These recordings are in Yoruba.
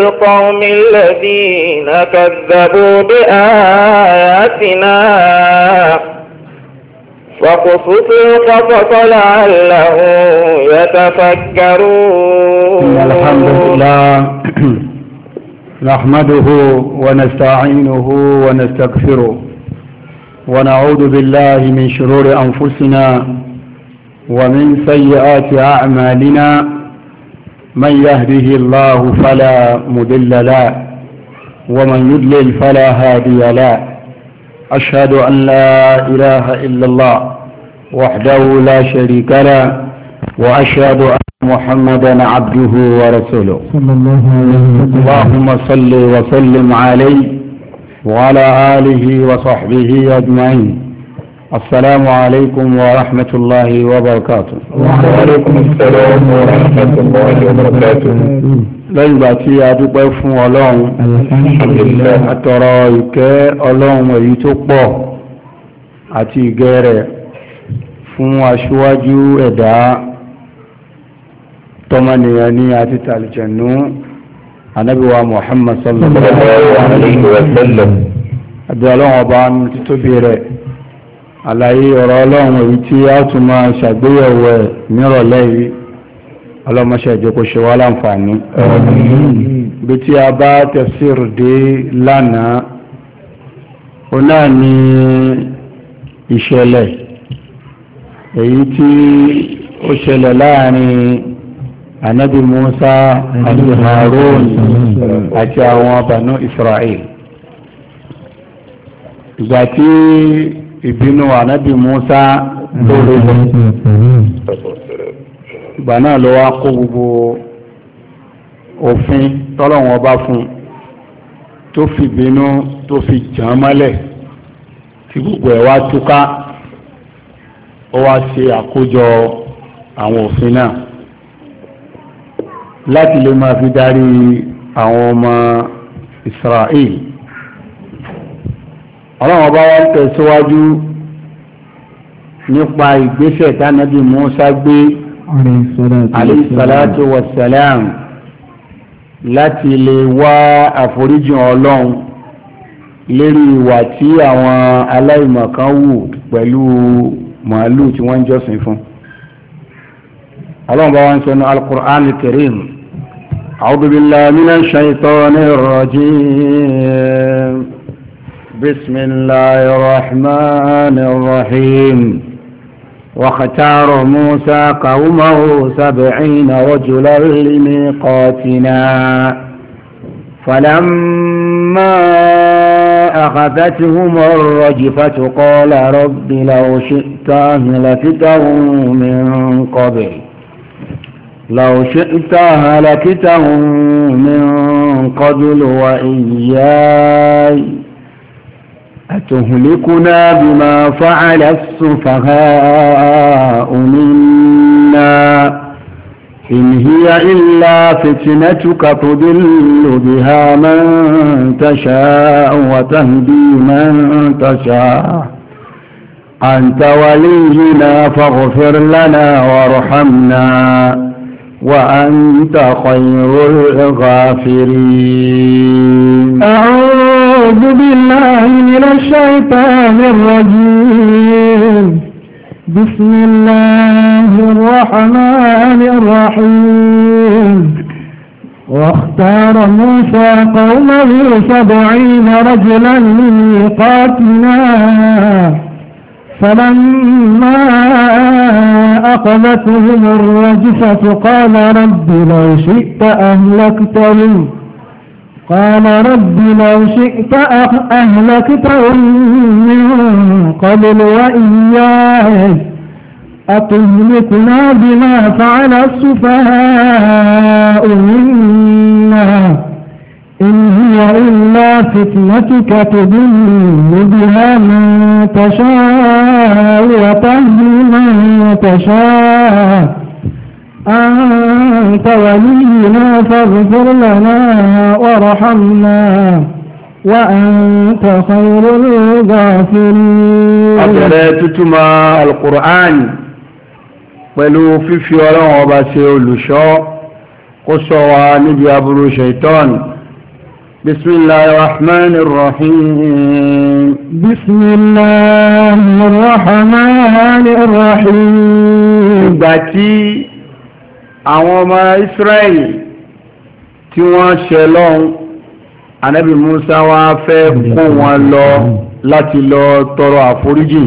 القوم الذين كذبوا بآياتنا فاقصص القصص لعله يتفكرون الحمد لله نحمده ونستعينه ونستغفره ونعوذ بالله من شرور أنفسنا ومن سيئات أعمالنا من يهده الله فلا مدل له ومن يدلل فلا هادي له أشهد أن لا إله إلا الله وحده لا شريك له وأشهد أن محمدا عبده ورسوله صلى الله عليه وسلم اللهم صل وسلم عليه وعلى آله وصحبه أجمعين السلام عليكم ورحمة الله وبركاته وعليكم السلام ورحمة الله وبركاته lẹ́yìn ìgbà tí a dúpẹ́ fún ọlọ́run àtọ̀rọ̀ ìkẹ́ ọlọ́run èyí tó pọ̀ àti ìgẹ́ rẹ̀ fún aṣíwájú ẹ̀dá tọmọnìyàn ní àti tàlìjẹ̀nú anábíwá Muhammad sallallahu alaihi wa sallam àbí ọlọ́run ọba nínú títóbi rẹ̀ àlàyé ọ̀rọ̀ ọlọ́run èyí tí a tún máa ṣàgbéyẹ̀wò ẹ̀ nírọ̀lẹ́ yìí ọlọ́mọṣẹ́ ìjẹ́ kó ṣe wá láǹfààní bí tí a bá tafsir dé lánàá ó náà ní ìṣẹ̀lẹ̀ èyí tí ó ṣẹlẹ̀ láàrin anabi Musa àti Harun àti àwọn Banu Israel ìgbà tí ìbínú ànábì Musa tó lóṣọ ìgbà náà ló wá kó gbogbo òfin tọ́lọ́wọ́n bá fún tó fi bínú tó fi jàn mọ́lẹ̀ tí gbogbo ẹ̀ wá túká ó wá ṣe àkójọ àwọn òfin náà láti lè máa fi darí àwọn ọmọ Israel ọlọ́run ọba wa ń tẹ̀síwájú nípa ìgbésẹ̀ tánàbí Musa gbé aleyhisalatu wasalam láti lè wá àforíjìn ọlọ́run lérí ìwà tí àwọn aláìmọ̀kan wù pẹ̀lú màálù tí wọ́n ń jọ́sìn fún ọlọ́run bá wọn sọ ní al-Qur'an al-Karim أعوذ بالله من الشيطان الرجيم بسم الله الرحمن الرحيم واختار موسى قومه سبعين رجلا لميقاتنا فلما أخذتهم الرجفة قال رب لو شئت أهلكتهم من قبل لو شئت أهلكتهم من قبل وإياي أتهلكنا بما فعل السفهاء منا إن هي إلا فتنتك تضل بها من تشاء وتهدي من تشاء أنت ولينا فاغفر لنا وارحمنا وأنت خير الغافرين أعوذ بالله من الشيطان الرجيم بسم الله الرحمن الرحيم واختار موسى قومه سبعين رجلا لميقاتنا فلما أخذتهم الرجفة قال رب لو شئت أهلكتهم قال رب لو شئت أهلكتهم من قبل وإياي أتهلكنا بما فعل السفهاء منا إن هي إلا فتنتك تضل بها من تشاء وتهدي من تشاء أنت ولينا فاغفر لنا وارحمنا وأنت خير الغافرين أبريتتما القرآن pẹ̀lú fífi ọlọ́run ọba ṣe olùṣọ́ kó sọ wa níbi aburú ṣaitan bismillahi rahmani rahim bismillahi rahmani ìgbà tí àwọn ọmọ Israẹli tí wọ́n ṣe lọ́hun anabi Musa wá fẹ́ kó wọn lọ láti lọ tọrọ àforíjì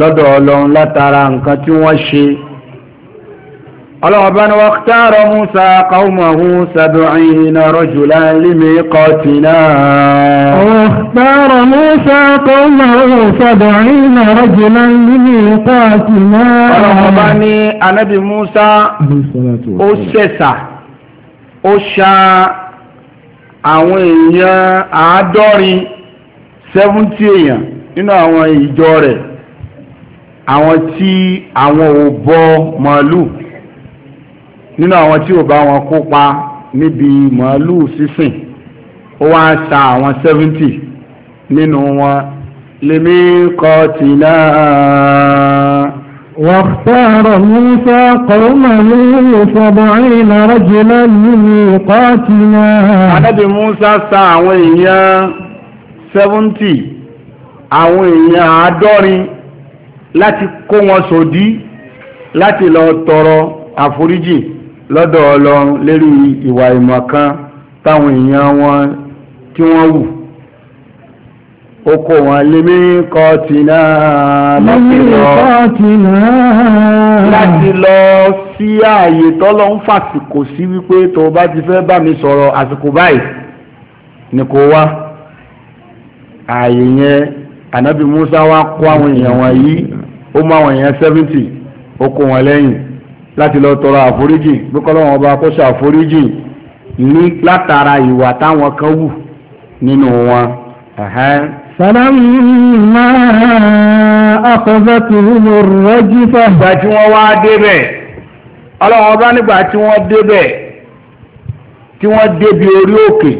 lọ́dọ̀ Ọlọ́run látara nǹkan tí wọ́n ṣe ọlọ́ọ̀bá ni waqtara Musa qawmahu sab'ina rajulan limiqatina واختار موسى قومه سبعين رجلا لميقاتنا ọlọ́mọba ní anábì Musa ó ṣẹ̀ṣà ó ṣà àwọn èèyàn àádọ́rin seventy èèyàn nínú àwọn ìjọ rẹ̀ àwọn tí àwọn ò bọ màálù nínú àwọn tí ò bá wọn kópa níbi màálù sísìn ó wá ṣà àwọn seventy nínú wọn lèmi kọtìlá واختار موسى قومه سبعين رجلا لميقاتنا ànábì Mùsá sa àwọn èèyàn 70 àwọn èèyàn àádọ́rin láti kó wọn sòdí láti lọ tọrọ àforíjì lọ́dọ̀ Ọlọ́run lérí ìwà ìmọ̀kan táwọn èèyàn wọn tí wọ́n wù oko wọn lè mí kọ́ ti náà láti lọ sí ààyè tọ́lọ ń fàsìkò sí wípé tó bá ti fẹ́ bá mi sọ̀rọ̀ àsìkò báyìí ni kò wá ààyè yẹn ànábì Musa wá kó àwọn èèyàn wọn yìí ó mú àwọn èèyàn 70 oko wọn lẹ́yìn láti lọ tọrọ àforíjì bí kọ́lọ́wọ́n ọba kó ṣàforíjì ní látara ìwà táwọn kan wù nínú wọn فلما أخذتهم الرجفة ìgbà tí wọ́n wá débẹ̀ ọlọ́wọ́n bá nígbà tí wọ́n débẹ̀ tí wọ́n débi orí òkè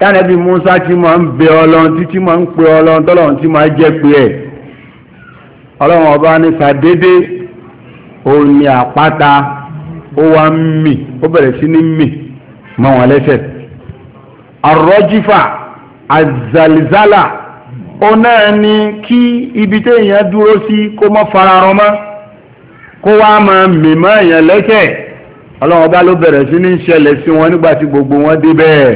tánàbí Musa ti máa ń bẹ ọlọ́run títí máa ń pe ọlọ́run tọ́lọ́run tí máa jẹ́ pé ẹ̀ ọlọ́wọ́n bá ní sàdédé òun ni àpáta ó wá ń mì ó bẹ̀rẹ̀ sí ní mì mọ́ wọn lẹ́sẹ̀ àrọ́jífà àzàlìzálà òun náà ni kí ibi tí èèyàn dúró sí kó mọ́ fararọ mọ́ kó wá máa mèmọ́ èèyàn lẹ́kẹ̀ ọlọ́run ọba ló bẹ̀rẹ̀ sí ní ṣẹlẹ̀ sí wọn nígbà tí gbogbo wọn dé bẹ́ẹ̀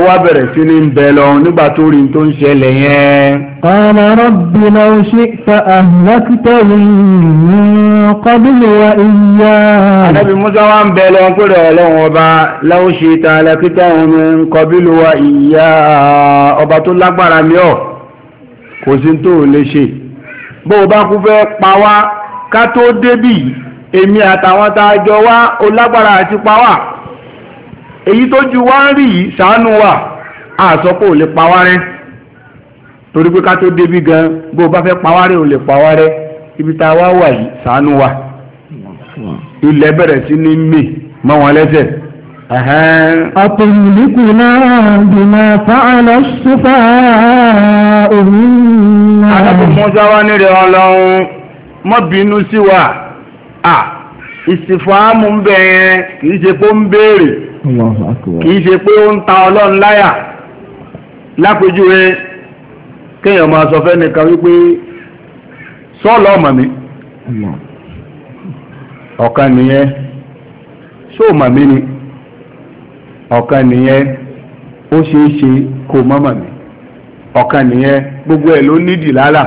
ó wá bẹ̀rẹ̀ sí ní bẹ lọ nígbà tó rí tó ń ṣẹlẹ̀ yẹn. qala rabbi law shi'ta ahlaktahum min qabli wa iyyaaya. ànábì musa wá ń bẹ lọ pé rẹ̀ ọlọ́run ọba law shi'ta ahlaktahum min qabli ọba tó lágbára mi ọ̀ kò sí tó lè ṣe bó o bá kú fẹ́ pa wá ká tó débì èmi àtàwọn tá a jọ wá o lágbára àti pa wá èyí tó ju wá ń rí yìí ṣàánú wa àsọpọ̀ ò lè pa wá rẹ́ torí pé ká tó débi gan bó o bá fẹ́ pa wá rẹ́ ò lè pa wá rẹ́ ibi tá a wá wà yìí ṣàánú wa ilẹ̀ bẹ̀rẹ̀ sí ní mì mọ́ wọn lẹ́sẹ̀. Àtẹ̀yìnlẹ́kùnlá bìnà fàálà ṣúfà òmìnira. Àtàkùn mọ́já wá nírẹ̀ ọlọ́run mọ́ bínú sí wa ìsìfọ́ámù ń bẹ̀ yẹn kìí ṣe pé ó ń béèrè kìí ṣe pé ó ń ta ọlọ́run láyà lápèjúwe kéèyàn máa sọ fẹ́nìkan wípé sọ́ọ̀lọ́ ọmọ mi ọ̀kan nìyẹn sóò mọ̀ mí ni ọ̀kan nìyẹn ó ṣeé ṣe kó mọ́mọ̀ mi ọ̀kan nìyẹn gbogbo ẹ̀ ló nídìí lálà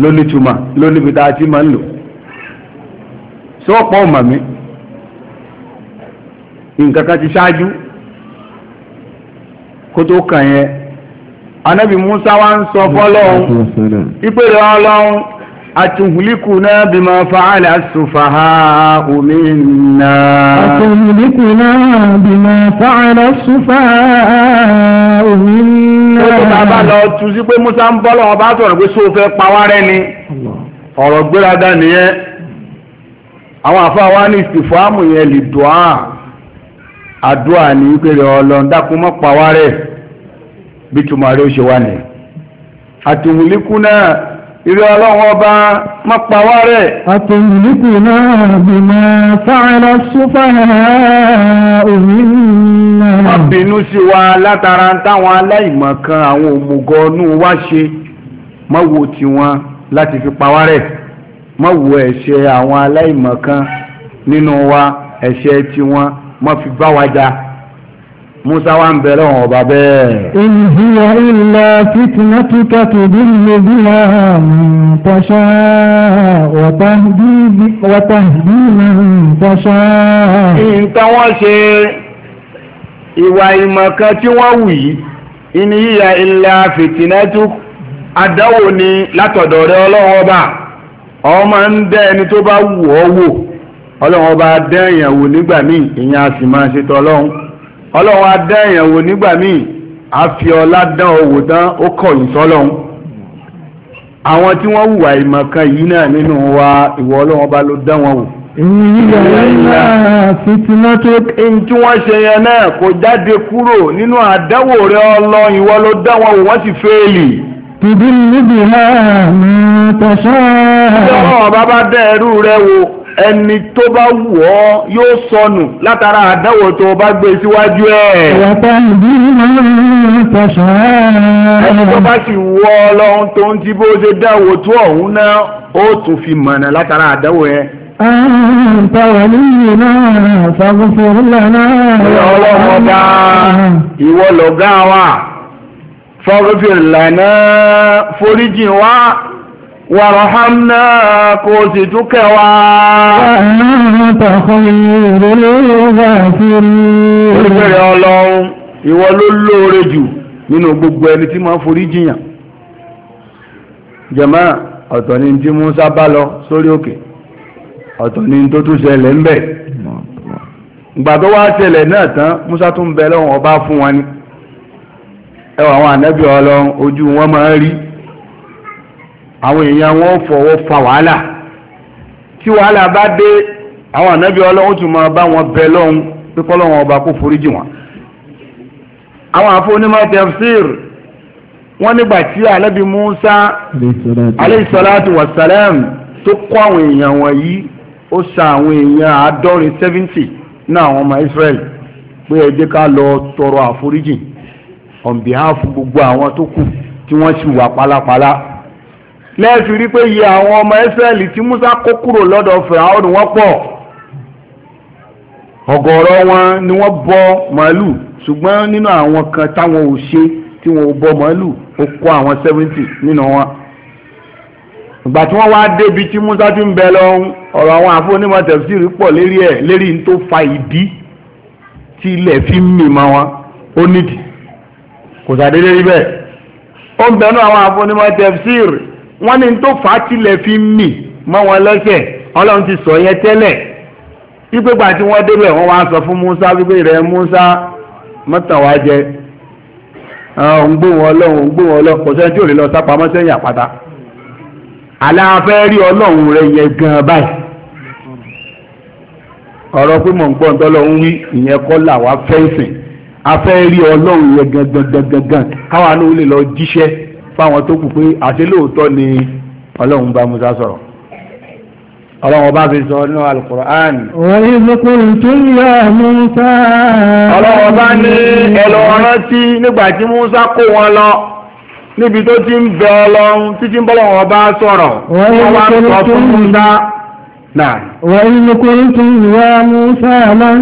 ló nítumọ̀ tá a ti máa ń lò ṣé ọ̀pọ̀ ọ̀mà mi nǹkan kan ti ṣáájú kó tó kàn yẹn anábì Musa wa ń sọ fọ́lọ́hún ìpèrè ọlọ́hún أتهلكنا بما فعل السفهاء منا أتهلكنا بما فعل السفهاء منا ó tó bàbá lọ tú sí pé Musa ń bọ́ lọ́wọ́ sọ̀rọ̀ pé sóò fẹ́ pa ni ọ̀rọ̀ gbéraga nìyẹn àwọn àfáà wá ní ìsìfàámù yẹn lè dùá àdúà ní ìpèrè ọlọ́n dákun mọ́ pàwá rẹ̀ bí túmọ̀ rẹ̀ ó ṣe wà ní àtìwùlíkú náà ìrẹ́ ọlọ́run ọba mọ́ pàwá rẹ̀ àtìwùlíkú náà bí mọ́ fáàlà súnfàà òmìnira wọ́n bínú sí wa látara táwọn aláìmọ̀kan má wo ẹ̀ṣẹ̀ àwọn aláìmọ̀kan nínú wa ẹ̀ṣẹ̀ tiwọn má fi bá wa jà musa wa ń bẹ̀rẹ̀ wọn ọba bẹ́ẹ̀. in hiya illa fitnatuka tudillu biha man tasha wa tahdi man tasha. nǹkan wọ́n ṣe ìwà ìmọ̀kan tí wọ́n wù yìí in hiya illa fitnatuka àdánwò ni látọ̀dọ̀ rẹ ọlọ́wọ́ bá ọ máa ń dẹ́ ẹni tó bá wù ọ́ wò ọlọ́run ọba dẹ́ èèyàn wò nígbà míì ìyẹn a sì máa ṣe tọlọ́run ọlọ́run á dẹ́ èèyàn wò nígbà míì a fi ọlá dán ọ wò tán ó kọ̀yìn sọ́lọ́run àwọn tí wọ́n wùwà ìmọ̀kan yìí náà nínú wa ìwọ ọlọ́run ọba ló dán wọn wò in tí wọ́n ṣe yẹn náà kò jáde kúrò nínú àdánwò rẹ ọlọ́ ìwọ ló dán wọn wò wọ́n sì fẹ́ẹ̀lì tùdílù bí ha ń tẹ̀sán. ọlọ́run ọba bá dẹ́ ẹrú rẹ wò ẹni tó bá wù ọ́ yóò sọnù látara àdánwò tó bá gbé síwájú ẹ̀. ìyàtọ̀ ìdí máa ń tẹ̀sán. ẹni tó bá sì wù ọ́ lọ́hún tó ń ti bó ṣe dáwò tó ọ̀hún náà ó tún fi mọ̀nà látara àdánwò yẹn. أنت ولينا فاغفر faghfir lana foríjì wá wàrọ̀hámná kò sì túnkẹ̀ wá orífẹ́rẹ́ ọlọ́run ìwọ ló lóore jù nínú gbogbo ẹni tí máa foríjìyàn jàmá ọ̀tọ̀ ni tí Mùsá bá lọ sórí òkè ọ̀tọ̀ ni tó tún ṣẹlẹ̀ ń bẹ̀ gbà tó wá ṣẹlẹ̀ náà tán Mùsá tún bẹ lọ́wọ́n ọba fún wa ni ẹwà àwọn ànábì ọlọ́run ojú wọn máa ń rí àwọn èèyàn wọn fọwọ́ fa wàhálà tí wàhálà bá dé àwọn ànábì ọlọ́run tún máa bá wọn bẹ lọ́hun pípọ́ lọ́wọ́ ọba kó foríjì wọn àwọn àfọ́nímọ̀ tafsir wọ́n nígbà tí ànábì Musa aleyhisalatu wasalam tó kọ́ àwọn èèyàn wọ̀nyí ó sa àwọn èèyàn àádọ́rin 70 náà àwọn ọmọ Israel pé ẹ jẹ́ ká lọ tọrọ àforíjì on behalf gbogbo àwọn tó kù tí wọ́n sì wà pálapàla lẹ́ẹ̀sì rí pé iye àwọn ọmọ Ísírẹ́lì tí Musa kó kúrò lọ́dọ̀ Fìràwọ́n wọ́n pọ̀ ọ̀gọ̀ọ̀rọ̀ wọn ni wọ́n bọ màálù ṣùgbọ́n nínú àwọn kan táwọn ò ṣe tí wọn ò bọ màálù ó kó àwọn seventy nínú wọn ìgbà tí wọ́n wá débi tí Musa ti ń bẹ lọ ọ̀rọ̀ àwọn àfọwọ́nímọ̀ tẹ̀síìrì pọ̀ lérí ẹ̀ lérí ní tó fa ìdí tí ilẹ̀ fi ń mì mọ́ wọn ó nídìí kò sàdédé rí bẹ́ẹ̀ ó ń bẹnu àwọn afọnimọ̀ tefsir wọ́n ní tó fà á tilẹ̀ fi mì mọ́ wọn lẹ́sẹ̀ ọlọ́run ti sọ yẹn tẹ́lẹ̀ ìgbégbà tí wọ́n débẹ̀ wọ́n wá sọ fún Musa wípé rẹ̀ Musa mọ́tàwá jẹ òun gbóhùn ọlọ́run òun gbóhùn ọlọ́run kò sẹ́ni tí ò lè lọ sápamọ́ sẹ́yìn àpáta aláfẹ́ rí ọlọ́run rẹ̀ yẹn gan báyìí ọ̀rọ̀ pé mò ń gbọ́ ń tọ́lọ́run wí ìyẹn kọ́ là wá fẹ́ǹsìn afẹ́ rí ọlọ́run yẹn gangan káwa ló lè lọ jíṣẹ́ fáwọn tó kù pé àti lóòótọ́ ni ọlọ́run bá Musa sọ̀rọ̀ ọlọ́run ọba fi sọ nínú alukur'an. wọ́n yóò kó ìtúnyà Musa. ọlọ́run ọba ní ẹlọ rántí nígbà tí Musa kó wọn lọ níbi tó ti ń bẹ ọlọ́run títí ń bọ́lọ́run ọba sọ̀rọ̀ wọ́n wá sọ fún Musa. نعم وإن قلتم يا موسى لن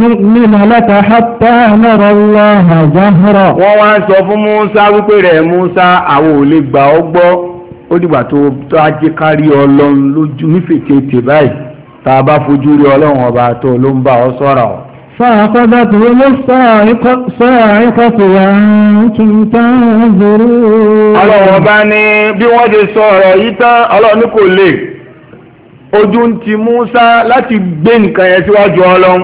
نؤمن لك حتى نرى الله جهرا wọ́n wá sọ fún Mùsá wípé rẹ̀ Mùsá àwọn ò lè gbà ọ́ gbọ́ ó dìgbà tó tó ajé kárí ọlọ́run lójú nífẹ̀kẹ́tẹ̀ báyìí tá a bá fojú rí ọlọ́run ọba tó ló ń bá ọ sọ́ra ọ. فأخذته الصاعقة وأنتم تنظرون. ọlọ́run ọba ní bí wọ́n ti sọ ọ̀rọ̀ yìí tán ọlọ́run ní kò lè. ojú ń ti Musa láti gbé nǹkan yẹn síwájú ọlọ́run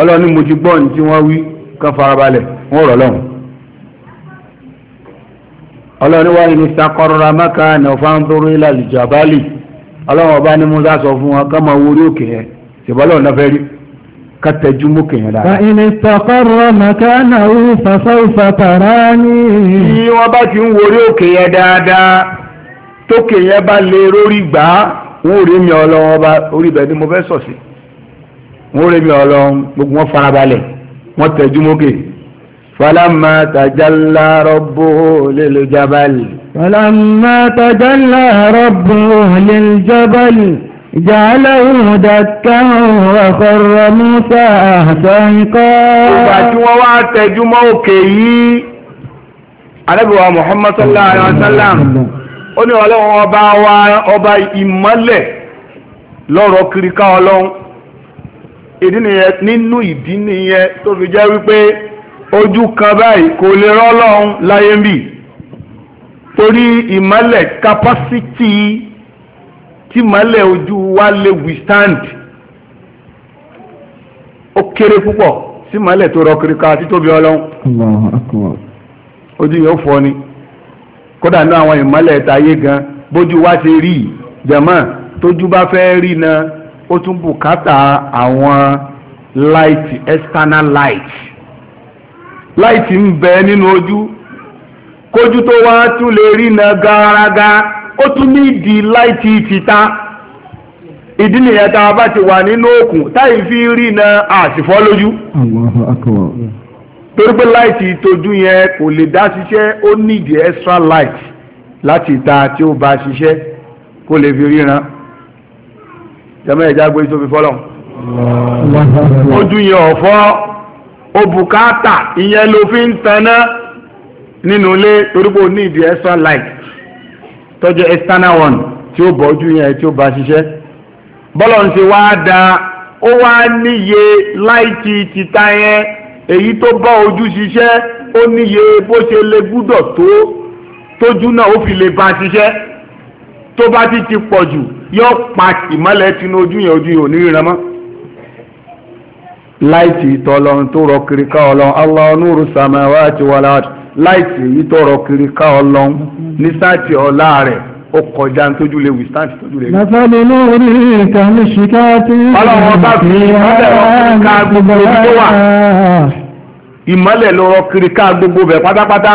ọlọ́run ni mo ti gbọ́ ní tí wọ́n wí kan farabalẹ̀ wọ́n rọ̀ lọ́hùn ọlọ́run wá ní sakọrọra mẹ́ka ní ọ̀fáńdúró ilà ìjàbálì ọlọ́run ọba Musa sọ fún ká máa wo orí òkè yẹn náà fẹ́ rí ká tẹjú ìní ti ń òkè yẹn dáadáa tókè yẹn bá wọn ò rí mi ọlọ́run ọba orí ibẹ̀ ni mo fẹ́ sọ̀ sí wọn rí mi ọlọ́run gbogbo wọn farabalẹ̀ wọn tẹ̀jú mókè فلما تجلى ربه للجبل فلما تجلى ربه للجبل جعله دكا وخر موسى صعقا ìgbà tí wọ́n wá tẹjú mọ́ òkè yìí Ànábì wa Muhammad sallallahu alaihi wasallam ó ní ọlọ́run ọba wa ọba ìmọ́lẹ̀ lọ́rọ̀ kiriká ọlọ́run ìdí nìyẹn nínú ìdí nìyẹn tó fi jẹ́ wípé ojú kan báyìí kò lè rọ́lọ́run láyé ń bì torí ìmọ́lẹ̀ capacity tí ìmọ́lẹ̀ ojú wa lè withstand ó kéré púpọ̀ sí ìmọ́lẹ̀ tó rọ kiriká títóbi ọlọ́run ojú yóò fọ́ ni. kódà náà àwọn ìmọ́lẹ̀ ayé gan bójú wá ṣe rí jẹ̀mọ́ tójú bá fẹ́ rí na ó tún bùkátà àwọn light external light light ń bẹ nínú ojú kójú tó wá tún lè rí na gàràgà ó tún ní ìdí light títà ìdí nìyẹn tá a bá ti wà nínú òkun táyì fi rí na àsìfọ́ lójú. Allahu akbar. torí pé láìtì ìtọ́jú yẹn kò lè dá ṣiṣẹ́ ó nídìí extra light láti ìta tí ó bá ṣiṣẹ́ kó lè fi ríran jẹ́mọ́ ẹ̀já gbé tó fi fọ́lọ̀ ojú yẹn ọ̀fọ́ ó ìyẹn ló fi ń taná nínú ilé torí pé ó extra light tọ́jú external one tí ó bọ́ ojú yẹn tí ó bá ṣiṣẹ́ bọ́lọ̀ ń ṣe wá da ó wá níye láìtì yẹn èyí tó bá ojú ṣiṣẹ́ ó níye bó ṣe lè gbúdọ̀ tó tójú náà ó fi lè bá ṣiṣẹ́ tó bá ti ti pọ̀ jù yóò pa ìmọ́lẹ̀ tinú ojú yẹn ojú yẹn ò ní ríran mọ́ láìtì tó rọ kiri ká ọlọ́run Allahu nuru samawati wal ard láìtì ìtọ́rọ kiri ká ọlọ́run ní sáàtì ọlá rẹ̀ ó kọjá tójú lè withstand tójú lè. lọ́sọ̀lẹ̀ lórí ìkànnì ṣìkà tí. ọlọ́run bá fi ìmọ̀lẹ̀ ọ̀hún ká gbogbo ibi tó wà ìmọ̀lẹ̀ lọ́rọ̀ kiri ká gbogbo bẹ̀ pátápátá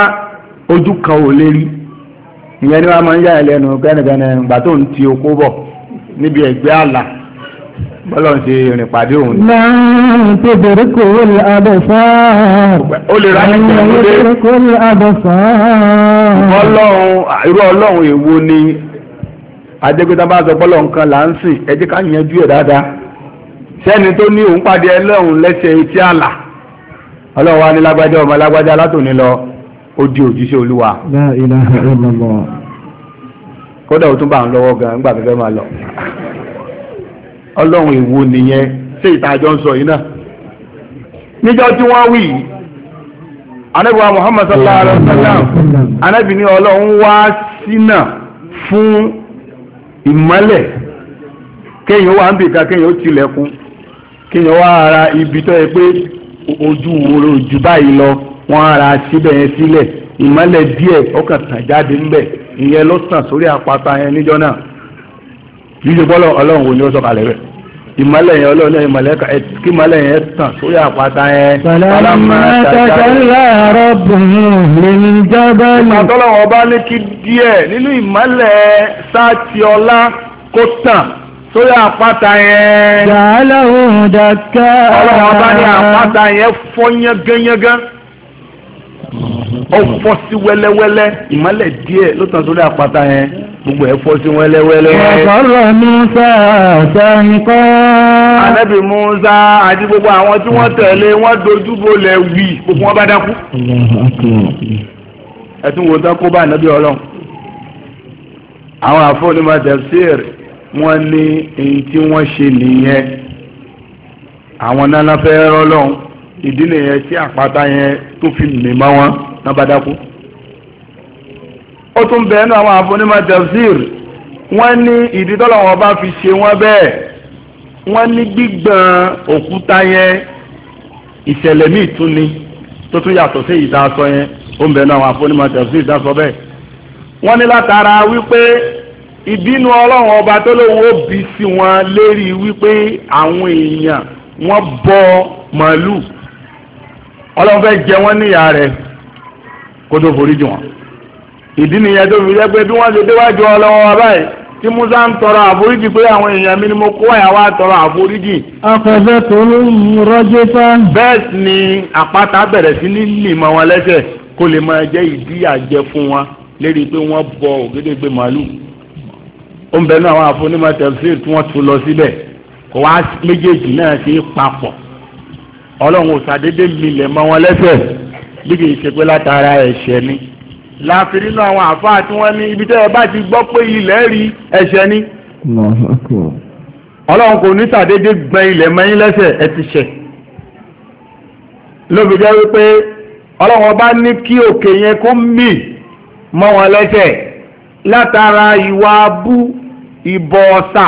ojú kan ò lè rí ìyẹn ni wọ́n máa ń yá ẹ lẹ́nu gánagánà ìgbà tó ń ti okó bọ̀ níbi ẹ̀gbẹ́ àlà bọ́lọ̀ ń ṣe ìrìn pàdé òun ni. láàrín tó bẹ̀rẹ̀ kò lè àbọ̀fà. ó lè ra dé. lè ni bá sọ bọ́lọ̀ nǹkan là ń sìn ẹ jẹ́ ká yanjú ẹ̀ dáadáa. sẹ́ni tó ní òun pàdé ẹlọ́run lẹ́sẹ̀ etí àlà ọlọ́run wa ní lágbájá ọmọ lágbájá lọ ó di òjíṣẹ́ olúwa. kódà ó tún bá lọ́wọ́ ọlọ́run èwo nìyẹn sí ìtajọ́ ń sọ níjọ́ tí wọ́n wí wa Muhammad sallallahu alaihi wa sallam anábì ní ọlọ́run wá sínà fún ìmọ́lẹ̀ kéèyàn wà ń bìkan kéèyàn ó ara ibi tó yẹ pé ojú báyìí ara síbẹ̀ yẹn sílẹ̀ ìmọ́lẹ̀ díẹ̀ ọkàn tàn jáde ńbẹ̀ ìyẹn sórí yẹn níjọ́ yíyọ bọ́lọ̀ ọlọ́run wo ni ó sọ̀kalẹ̀ rẹ̀ ìmọ̀lẹ̀ yẹn ọlọ́run náà ìmọ̀lẹ̀ ká kí ìmọ̀lẹ̀ yẹn tàn sórí àpáta yẹn. sàlámà tàkàlà rọ̀bùnú lèmi jábá ni. ìgbà tọ́lọ́wọ́ bá ní kí díẹ̀ nínú ìmọ̀lẹ̀ sáàtì ọlá kó tàn sórí àpáta yẹn. sàlàó dàkà. ọlọ́wọ́ bá ní àpáta yẹn fọ́ yángányángán ó fọ́ sí wẹ́lẹ́wẹ́lẹ́ ìmọ́lẹ̀ díẹ̀ ló tàn sórí àpáta yẹn gbogbo ẹ̀ fọ́ sí wẹ́lẹ́wẹ́lẹ́. ọ̀sọ̀rọ̀ Musa sàǹkọ́. anábì Musa àti gbogbo àwọn tí wọ́n tẹ̀lé wọ́n dojú bolẹ̀ wì gbogbo wọn bá dákú. ẹtún wo tán kó bá ànábì ọlọ́run. àwọn àfọlùmọ̀ tafsir wọ́n ní èyí tí wọ́n ṣe nìyẹn àwọn nana fẹ́ rọ́lọ́run ìdí nìyẹn tí àpáta yẹn tó fi mì wọn náà bá dákú ó tún bẹ̀ẹ́ nínú àwọn àfọnímọ̀ tafsir wọ́n ní ìdí tọ́lọ́wọ́n bá fi ṣe wọ́n bẹ́ẹ̀ wọ́n ní gbígbọ̀n òkúta yẹn ìṣẹ̀lẹ̀ míì tún ni tó tún yàtọ̀ sí ìta sọ yẹn ó ń bẹ̀ẹ́ nínú àwọn àfọnímọ̀ tafsir dá bẹ́ẹ̀ wọ́n ní látara wípé ìbínú ọlọ́run ọba tó lówó bí sí wọn lérí wípé àwọn èèyàn wọ́n bọ màálù ọlọ́run fẹ́ jẹ wọ́n níyà rẹ̀ kó tó forí jù wọn ìdí nìyẹn tó fi jẹ́ pé bí wọ́n ṣe déwájú ọlọ́wọ́ wa báyìí tí Musa ń tọrọ àforíjì pé àwọn èèyàn mi ni mo kó àyà wa àforíjì. akọ̀fẹ́ tó ló ń rọ́jé fá. bẹ́ẹ̀ ni àpáta bẹ̀rẹ̀ sí ní lìmọ̀ wọn lẹ́sẹ̀ kó lè máa jẹ́ ìdí àjẹ fún wọn lérí pé wọ́n bọ ògédégbé màálù. ó ń bẹnu àwọn àfonímọ̀ tẹ̀síì tí wọ́n tún lọ síbẹ̀ kó wá méjèèjì náà ṣe é papọ̀ ọlọ́run ò sàdédé lilẹ̀ mọ́ wọn lẹ́sẹ̀ bí kì í ṣe pé látara ẹ̀ṣẹ̀ ni láàfin nínú àwọn àfáà tí wọ́n ní ibi tẹ́ ẹ bá ti gbọ́ pé ilẹ̀ rí ẹ̀ṣẹ̀ ni. ọlọ́run kò ní sàdédé gbọ́n ilẹ̀ mẹ́yìn lẹ́sẹ̀ ẹ ti ṣẹ̀. lóbi jẹ́ wípé ọlọ́run ọba ní kí òkè yẹn kó mì mọ́ wọn lẹ́sẹ̀ látara ìwà abú ìbọ ọ̀sà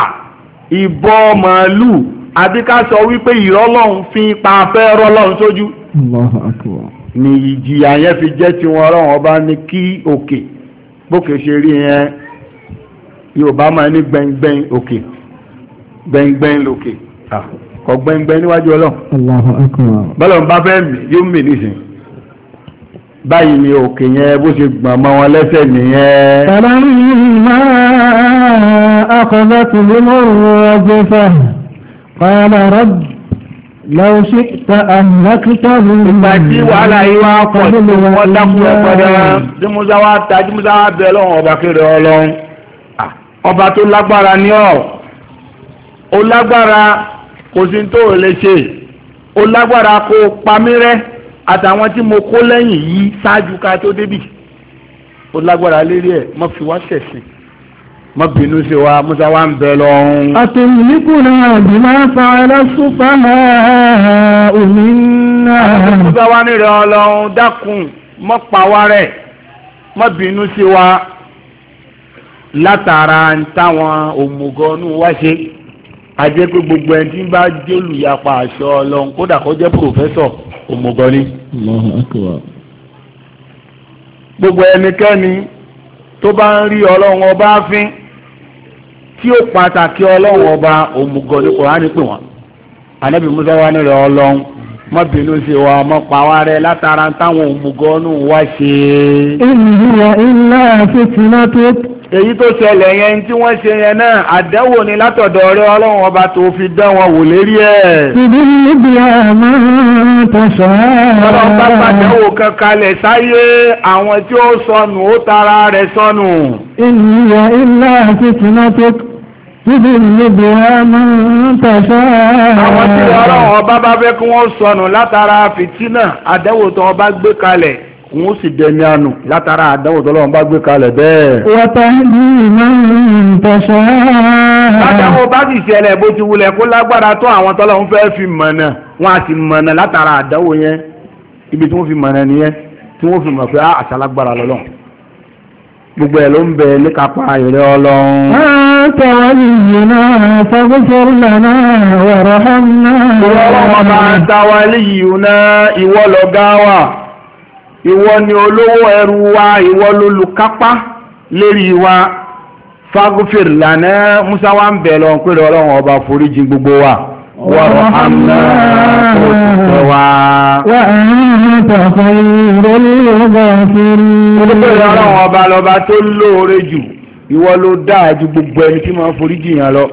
ìbọ màálù àbí sọ wípé ìrọ́lọ́run fi pa afẹ́ rọ́lọ́run sójú. Allahu akbar ni ìjìyà yẹn fi jẹ́ tí wọn ọlọ́run ọba ní kí òkè bókè ṣe rí yẹn yorùbá máa ní gbẹ̀ngbẹ̀ng òkè gbẹ̀ngbẹ̀ng lòkè kọ gbẹ̀ngbẹ̀ng níwájú ọlọ́run bọ́lọ̀n bá fẹ́ mì yóò mì nísìn báyìí ni òkè yẹn bó ṣe gbọ̀n mọ́ wọn lẹ́sẹ̀ nìyẹn. bàbá máa akọ̀bẹ́ tìlú mọ́rùn-ún ọgbẹ́fà kọ́ لو شئت أهلكتهم ìgbà tí wàhálà yìí wá pọ̀ tí wọ́n dákun ẹ̀pẹ̀rẹ̀ tí musa wá ta tí musa wá bẹ̀ lọ́wọ́ ọba kiri ọlọ́run ọba tó lágbára ní ọ̀ ó lágbára kò sí tó lè ṣe ó lágbára kó pamí àtàwọn tí mo kó lẹ́yìn yìí ṣáájú ká tó débì ó lágbára lérí ẹ̀ mọ́ fi wá ṣẹ̀sìn mọ́ bínú sí wa musa wa ń bẹ lọ́run. àtẹ̀mùníkùnrin àbí máa fa ẹlẹ́sùpá omi náà. musa wa ní rẹ̀ ọlọ́run dákun mọ́ pa wá rẹ̀ mọ́ bínú sí wa látara ń táwọn òmùgọ́nù wá ṣe àjẹ́ pé gbogbo ẹni tí ń bá jólùyapa àṣọ ọlọ́run kódà kó jẹ́ pòfẹ́sọ̀ òmùgọ́ ni. gbogbo ẹnikẹ́ni tó bá ń rí ọlọ́run ọba fín tí ó pàtàkì ọlọ́run ọba òmùgọ̀ ní kòránì pè wọ́n ànábì musa wá nílẹ̀ ọlọ́run má bínú sí wa má pa látara táwọn òmùgọ̀ nù wá ṣe. ìlúwa ilé àfitìlá tó. èyí tó ṣẹlẹ̀ yẹn tí wọ́n ṣe yẹn náà àdánwò ni látọ̀dọ̀ ọ̀rẹ́ ọlọ́run ọba tó fi dán wọn wò lérí ẹ̀. ìdí níbi àmọ́ tọ̀sọ̀ ẹ̀. ọlọ́run bá pàdánwò kankanlẹ̀ sáyé àwọn tí ó sọnù ó tara rẹ̀ sọnù. ìlúwa ilé àfitìlá tó. Ìdílé bí wọ́n mú tẹ̀sẹ̀. Àwọn tí ọlọ́run ọba bá fẹ́ kí wọ́n sọnù látara fìtínà àdẹ́wò tó ọba gbé kalẹ̀ kún ó sì dẹni ànù látara àdẹ́wò tó ọlọ́run bá gbé kalẹ̀ bẹ́ẹ̀. Wọ́tá ní ìmọ̀ tẹ̀sẹ̀. Látàwọn bá sì ṣẹlẹ̀ bó ti wulẹ̀ kó lágbára tó àwọn tọ́lọ́run fẹ́ fi mọ̀nà wọn àti mọ̀nà látara àdẹ́wò yẹn ibi tí wọ́n fi mọ̀nà nìyẹn tí wọ́n fi mọ̀ pé ah, àṣà lágbára lọ́lọ́run. gbogbo ẹ̀ ló ń bẹ níkapá ìrẹ́ ọlọ́run. Ààtọ̀ wàlí yìí náà fagbófóró lànà Ìwọ ń ta wàlí yìí ìwọ lọ̀gá wa. Ìwọ ni olówó ẹrú wa, ìwọ lérí wa. Musa wa gbogbo wa. وارحمنا وأنت خير الغافرين ìwọ ló dáa ju gbogbo ẹni tí máa foríjì yàn lọ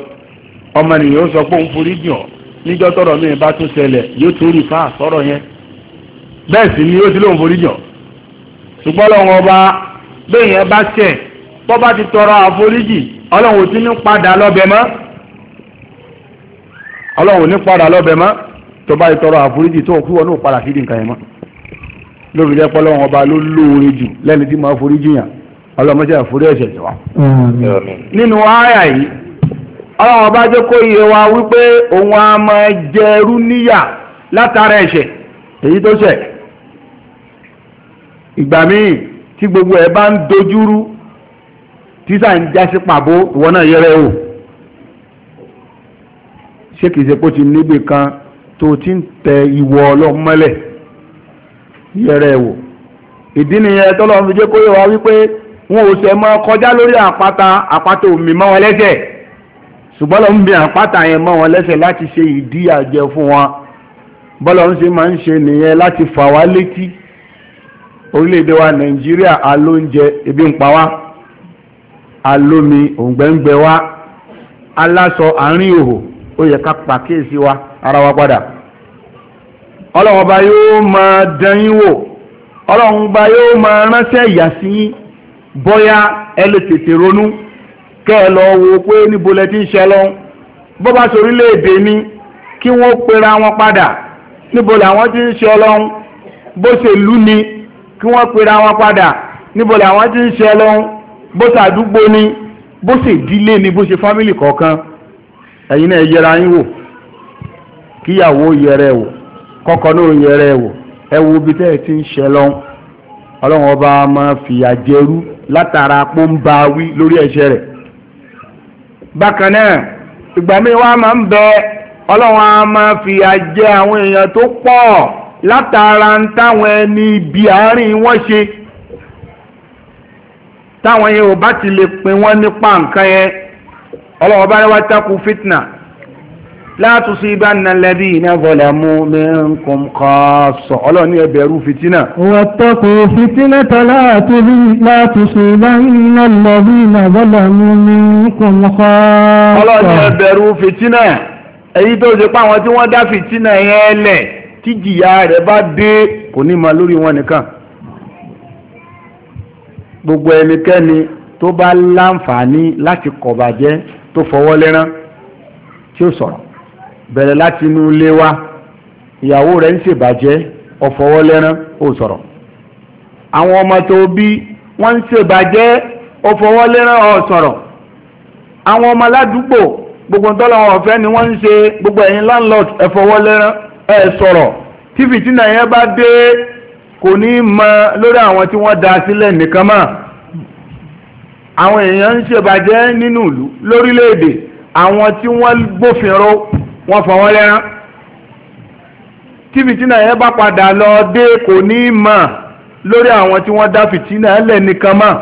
ọmọnìyàn ó sọ pé òun foríjì ọ níjọ́ tọ́rọ̀ mi bá tún ṣẹlẹ̀ yóò tó rí fáà sọ̀rọ̀ yẹn bẹ́ẹ̀ sì ni ó ti lóun foríjì ọ ṣùgbọ́n lọ́wọ́ ọba bẹ́ẹ̀ yẹn bá ọlọ́run ní padà lọ́bẹ̀ mọ́ tó bá ìtọrọ àforíjì tó kú ọ̀nà padà sí nǹkan yẹn mọ́ lórí jẹ́ pé ọlọ́run ọba ló lóore jù lẹ́ni tí máa foríjì yàn ọlọ́run jẹ́ àforí ẹ̀ṣẹ̀ jù wá. nínú àyà yìí ọlọ́run ọba jẹ́ kó iye wa wípé òun á máa jẹrú níyà látara ẹ̀ṣẹ̀ èyí tó ṣẹ̀ ìgbà míì tí gbogbo ẹ̀ bá ń dojúrú tíṣà ń jásí pàbó ìwọ náà yẹrẹ o. ṣé kìí ṣe ti kan tó ti ń tẹ ìwọ ọlọ́run yẹrẹ wò ìdí nìyẹn tọ́lọ́run jẹ́ kó yẹ wá wípé wọn ò ṣe mọ́ kọjá lórí àpáta àpáta òmì mọ́ wọn lẹ́sẹ̀ ṣùgbọ́n lọ́n bí àpáta yẹn mọ́ wọn lẹ́sẹ̀ láti ṣe fún wọn bọ́lọ́run ṣe máa ń ṣe nìyẹn láti fà wá létí orílẹ̀-èdè wa nàìjíríà alóúnjẹ ebi ń pa wá alómi òǹgbẹ́ǹgbẹ́ wá aláṣọ àárín òhò ó yẹ ká pàkíyèsí wa ara wa padà ọlọ́run ọba yóò máa dẹyìn wò ọlọ́run ọba yóò máa ránṣẹ́ ìyà sí yín bọ́yá ẹ lè tètè ronú kẹ́ ẹ lọ wo pé níbo lẹ ṣe lọ́hún bó bá sorílẹ̀-èdè ni kí wọ́n pera wọn padà níbo làwọn ti ń ṣe ọlọ́hún bó ṣe lú ni kí wọ́n pera wọn padà níbo làwọn ti ń ṣe ọlọ́hún bó ṣàdúgbò ni bó ṣe ìdílé ni bó ṣe fámìlì kọ̀ọ̀kan ẹ̀yin náà yẹra yín wò kíyàwó yẹrẹ wò kọ́kọ́ náà yẹrẹ wò ẹ wo bí tẹ́ ẹ ti ń ṣe lọ́n ọlọ́run ọba máa fìyà jẹrú látara pó ń ba wí lórí ẹ̀ṣẹ̀ rẹ̀ bákan náà wá máa ń bẹ ọlọ́run a máa fìyà jẹ àwọn èèyàn tó pọ̀ látara ń táwọn ẹni ibi àárín wọn ṣe táwọn yẹn bá ti lè pin wọn nípa nǹkan yẹn ọlọ́wọ́ bá rẹ̀ wá takú fitna la tusibanna alladhina zalamu minkum khassa ọlọ́ni ẹbẹ̀rú fitina. wattaqu fitnatan la tusibanna alladhina zalamu minkum khassa. ọlọ́ni ẹbẹ̀rú fitina èyí tó ṣe pé àwọn tí wọ́n dá fitina yẹn lẹ̀ tí jìyà rẹ̀ bá dé kò ní ma lórí wọn nìkan. gbogbo ẹnikẹ́ni tó bá láǹfààní láti kọ̀bàjẹ́ tó fọwọ́ lẹ́rán tí ó sọ̀rọ̀ bẹ̀rẹ̀ láti inú ilé ìyàwó rẹ̀ ń ṣèbàjẹ́ ọ̀fọwọ́ lẹ́rán ó sọ̀rọ̀ àwọn ọmọ tó bí wọ́n ń ṣèbàjẹ́ ọ̀fọwọ́ lẹ́rán ó sọ̀rọ̀ àwọn ọmọ aládùúgbò gbogbo ọ̀fẹ́ ni wọ́n ń ṣe gbogbo ẹ̀yin landlord ẹ̀fọwọ́ lẹ́rán ẹ̀ àwọn èèyàn ń ṣèbàjẹ́ nínú ìlú lórílẹ̀‐èdè àwọn tí wọ́n gbófinró wọ́n fọ wọ́n lẹ́rán tí fìtínà yẹn bá padà lọ dé kò ní í mọ̀ lórí àwọn tí wọ́n dá fìtínà ẹ̀ lẹ́nìkan mọ̀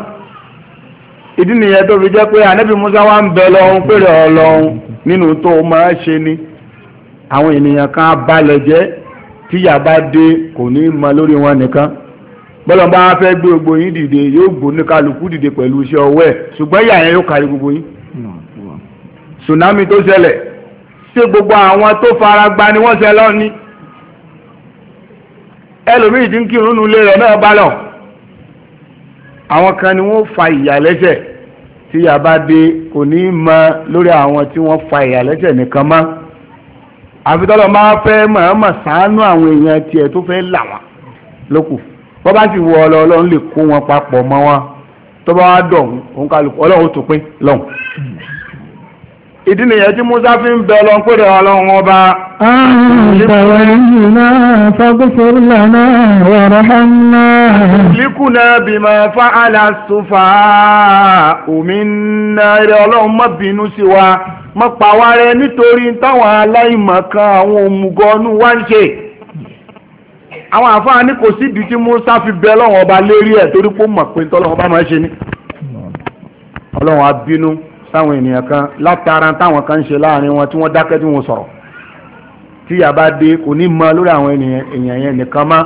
ìdí nìyẹn tó fi jẹ́ pé ànábì Musa wa ń bẹ lọ́hún pèrè ọlọ́hún nínú tó máa ṣe ni àwọn ènìyàn kan balẹ̀ jẹ́ tíyà bá dé kò ní mọ̀ lórí wọn nìkan bọ́lọ̀ bá fẹ́ gbé gbogbo yín dìde yóò gbó ní kálukú dìde pẹ̀lú iṣẹ́ ọwọ́ ẹ̀ ṣùgbọ́n ìyà yẹn yóò kárí gbogbo yín tsunami tó ṣẹlẹ̀ ṣé gbogbo àwọn tó fara gba ni wọ́n ṣe lọ ni ẹlòmíì ti ń kírun nínú ilé rẹ̀ náà bá lọ àwọn kan ni wọ́n fa ìyàlẹ́sẹ̀ tí ìyà bá dé kò ní í mọ lórí àwọn tí wọ́n fa ìyàlẹ́sẹ̀ nìkan mọ́ àfitọ́lọ́ máa fẹ́ mọ̀ọ́mọ̀ ṣàánú àwọn èèyàn tiẹ̀ tó fẹ́ là wọ́n bọ́ bá sì wọ ọlọ ọlọ́run lè kó wọn papọ̀ mọ́ wọn tó bá wá dọ̀hún òun kálukú ọlọ́run tó pín lọ́hùn. ìdí nìyẹn tí Musa fi ń bẹ ọlọ́run pé rẹ̀ ọlọ́run ọba. àtàwẹ̀rìnà fagbófin lànà wàrà hànà. líkùnà bímọ fáàlà sùfà òmìnira rẹ̀ ọlọ́run má bínú sí wa má pa wá rẹ́ nítorí táwọn aláìmọ̀kan àwọn òmùgọ́nù wá ń ṣe àwọn àfáà ní kò sídìí tí Musa fi bẹ Ọlọ́run ọba lérí ẹ̀ torí pé ó mọ̀ pé tọ́lọ́run ọba máa ṣe ní. Ọlọ́run á bínú sáwọn ènìyàn kan látara táwọn kan ń ṣe láàrin wọn tí wọ́n dákẹ́ tí wọ́n sọ̀rọ̀ tí ìyà bá dé kò ní mọ lórí àwọn ènìyàn yẹn nìkan má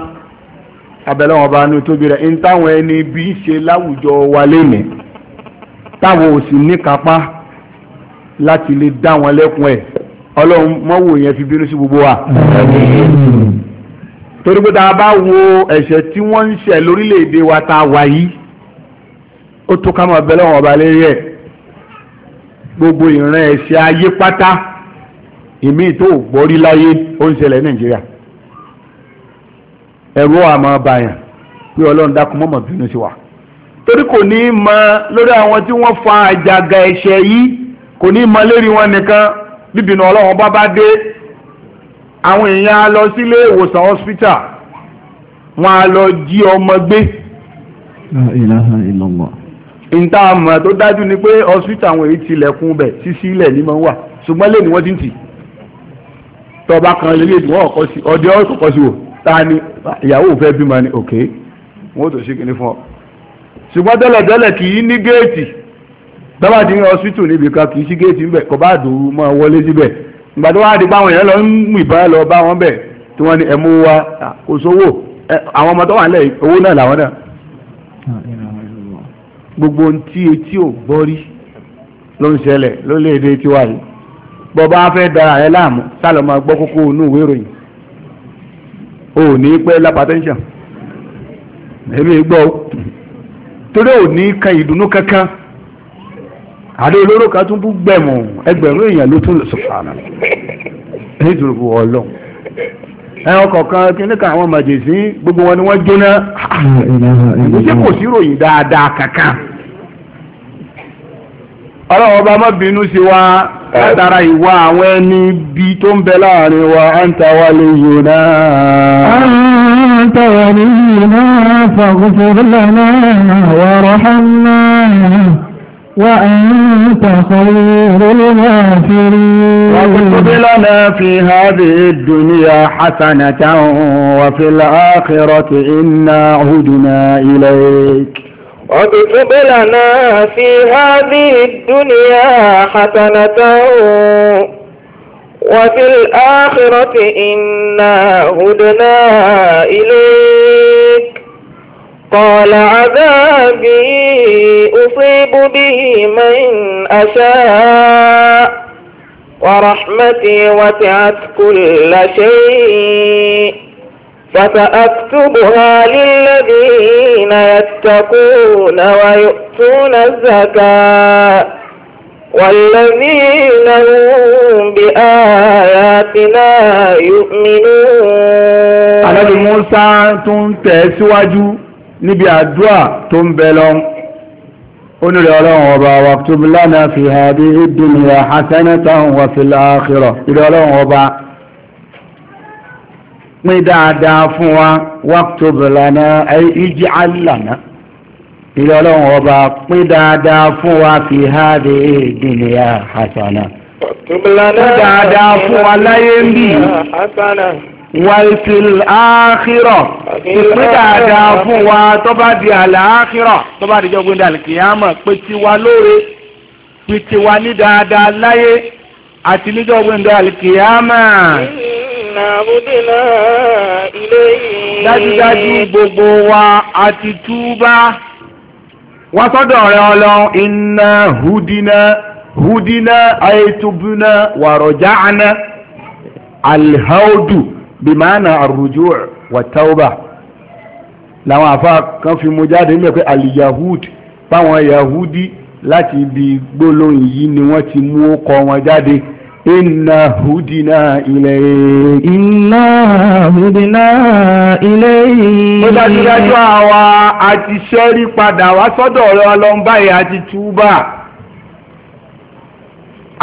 abẹ́lẹ́ wọn ní tóbi rẹ̀ ń táwọn ẹni bí í ṣe láwùjọ wa lénìí táwọn ò sì ní kápá láti lè dá wọn lẹ́kùn ẹ̀ ọlọ́run mọ́wò yẹn fi bínú sí gbogbo wa torí pé tá a bá wo ẹ̀ṣẹ̀ tí wọ́n ń ṣẹ̀ lórílẹ̀‐èdè wa tá a wà yìí ó tó ká máa bẹ̀lẹ̀ wọn ọba lérí ẹ̀ gbogbo ìran ẹ̀ṣẹ̀ ayé pátá ìmí tó gbọ́rí láyé ó ń ṣẹlẹ̀ nàìjíríà ẹ̀rọ àmọ́ bàyàn pé ọlọ́run dákun mọ́mọ́ bínú sí wa torí kò ní í mọ lórí àwọn tí wọ́n fa àjàgà ẹ̀ṣẹ̀ yìí kò ní í mọ lérí wọn nìkan bíbínú ọlọ́run bá bá dé àwọn èèyàn a lọ sílé ìwòsàn hospital wọn a lọ jí ọmọ gbé ìta àmọ̀ tó dájú ni pé hospital àwọn èyí tilẹ̀kùn bẹ̀ sísí ilẹ̀ ní mọ́ wà ṣùgbọ́n lè ní wọ́n ti ń tì tọba kan lè léèdì wọ́n ọ̀kọ́ sí ọdẹ ọ̀kọ́ sí wò ta ni ìyàwó fẹ́ bímọ ni òkè wọ́n tó ṣe kìíní fún ọ ṣùgbọ́n tẹ́lẹ̀tẹ́lẹ̀ kì í ní géètì tọ́ba ti ní hospital níbi kan kì í sí géètì ńbẹ̀ kọ́ bá dòwú mọ́ wọlé síbẹ̀ ìgbà tó wá di báwọn èèyàn lọ ń mú ìbára lọ bá wọn bẹ̀ tí wọ́n ní ẹ̀mú wa kò sówó àwọn ọmọ tó wà nílẹ̀ owó náà làwọn náà gbogbo ohun tí etí ò gbọ́ rí ló ń ṣẹlẹ̀ lórílẹ̀‐èdè tiwa yìí bọ́ bá fẹ́ dara ẹ láàmú sálọ máa gbọ́ kókó inú ìwé ìròyìn o ní pẹ́ lápàtẹ́ńṣàn èmi gbọ́ torí ò ní kan ìdùnnú kankan àdé olóró kan tún bú gbẹ̀mù ẹgbẹ̀rún èèyàn ló tún sọ̀rọ̀ nítorí bu ọlọ́ ẹ̀wọ̀n kọ̀ọ̀kan kíní kan àwọn màjèsí gbogbo wọn ni wọ́n jóná ṣé kò sí ròyìn dáadáa kankan ọlọ́wọ́ bá má bínú sí wa látara ìwà àwọn ẹni bí tó ń bẹ láàrin wa anta waliyuna. anta waliyuna faghfir lana warhamna. وأنت خير الغافرين واكتب لنا في هذه الدنيا حسنة وفي الآخرة إنا عدنا إليك واكتب لنا في هذه الدنيا حسنة وفي الآخرة إنا هدنا إليك قال عذابي أصيب به من أشاء ورحمتي وسعت كل شيء فسأكتبها للذين يتقون ويؤتون الزكاة والذين هم بآياتنا يؤمنون. Àlọ́ ni أنتم tún níbi àdúà tó ń bẹ lọ onírẹ̀ ọlọ́run ọba waktub lana fi hadihi dunya hasanatan wa fil akhirah ìrẹ̀ ọlọ́run ọba pín dáadáa fún wa waktub lana ij'al lana ìrẹ̀ ọlọ́run ọba pín dáadáa fún wa fi hadihi dunya hasanatan pín dáadáa fún wa láyé ń wàlfil áàkírọ̀ ìpín dáadáa fún wa tó bá di àlàákírọ̀ tó bá di jọ́gbìn dàlìkìyàmọ̀ pé tiwa lóore pé tiwa ní dáadáa láyé àti ní jọ́gbìn dàlìkìyàmọ̀. dájúdájú gbogbo wa àti túbá wá sọ́dọ̀ rẹ̀ ọlọ́run iná hudina hudina ayetubuna wàrọ̀jáàna alhaudu bí maana àrùjú wà tauba láwọn àfá kan fi mú jáde nígbẹ̀ pé aliyahud páwọn yahudi láti ibi gbólóhùn yìí ni wọ́n ti mú ọkọ̀ wọn jáde inna hudina ilayhi inna hudina ilayhi ó dájúdájú àwa àti ṣẹ́rí padà wá sọ́dọ̀ ọlọ́mbáyé àti túbà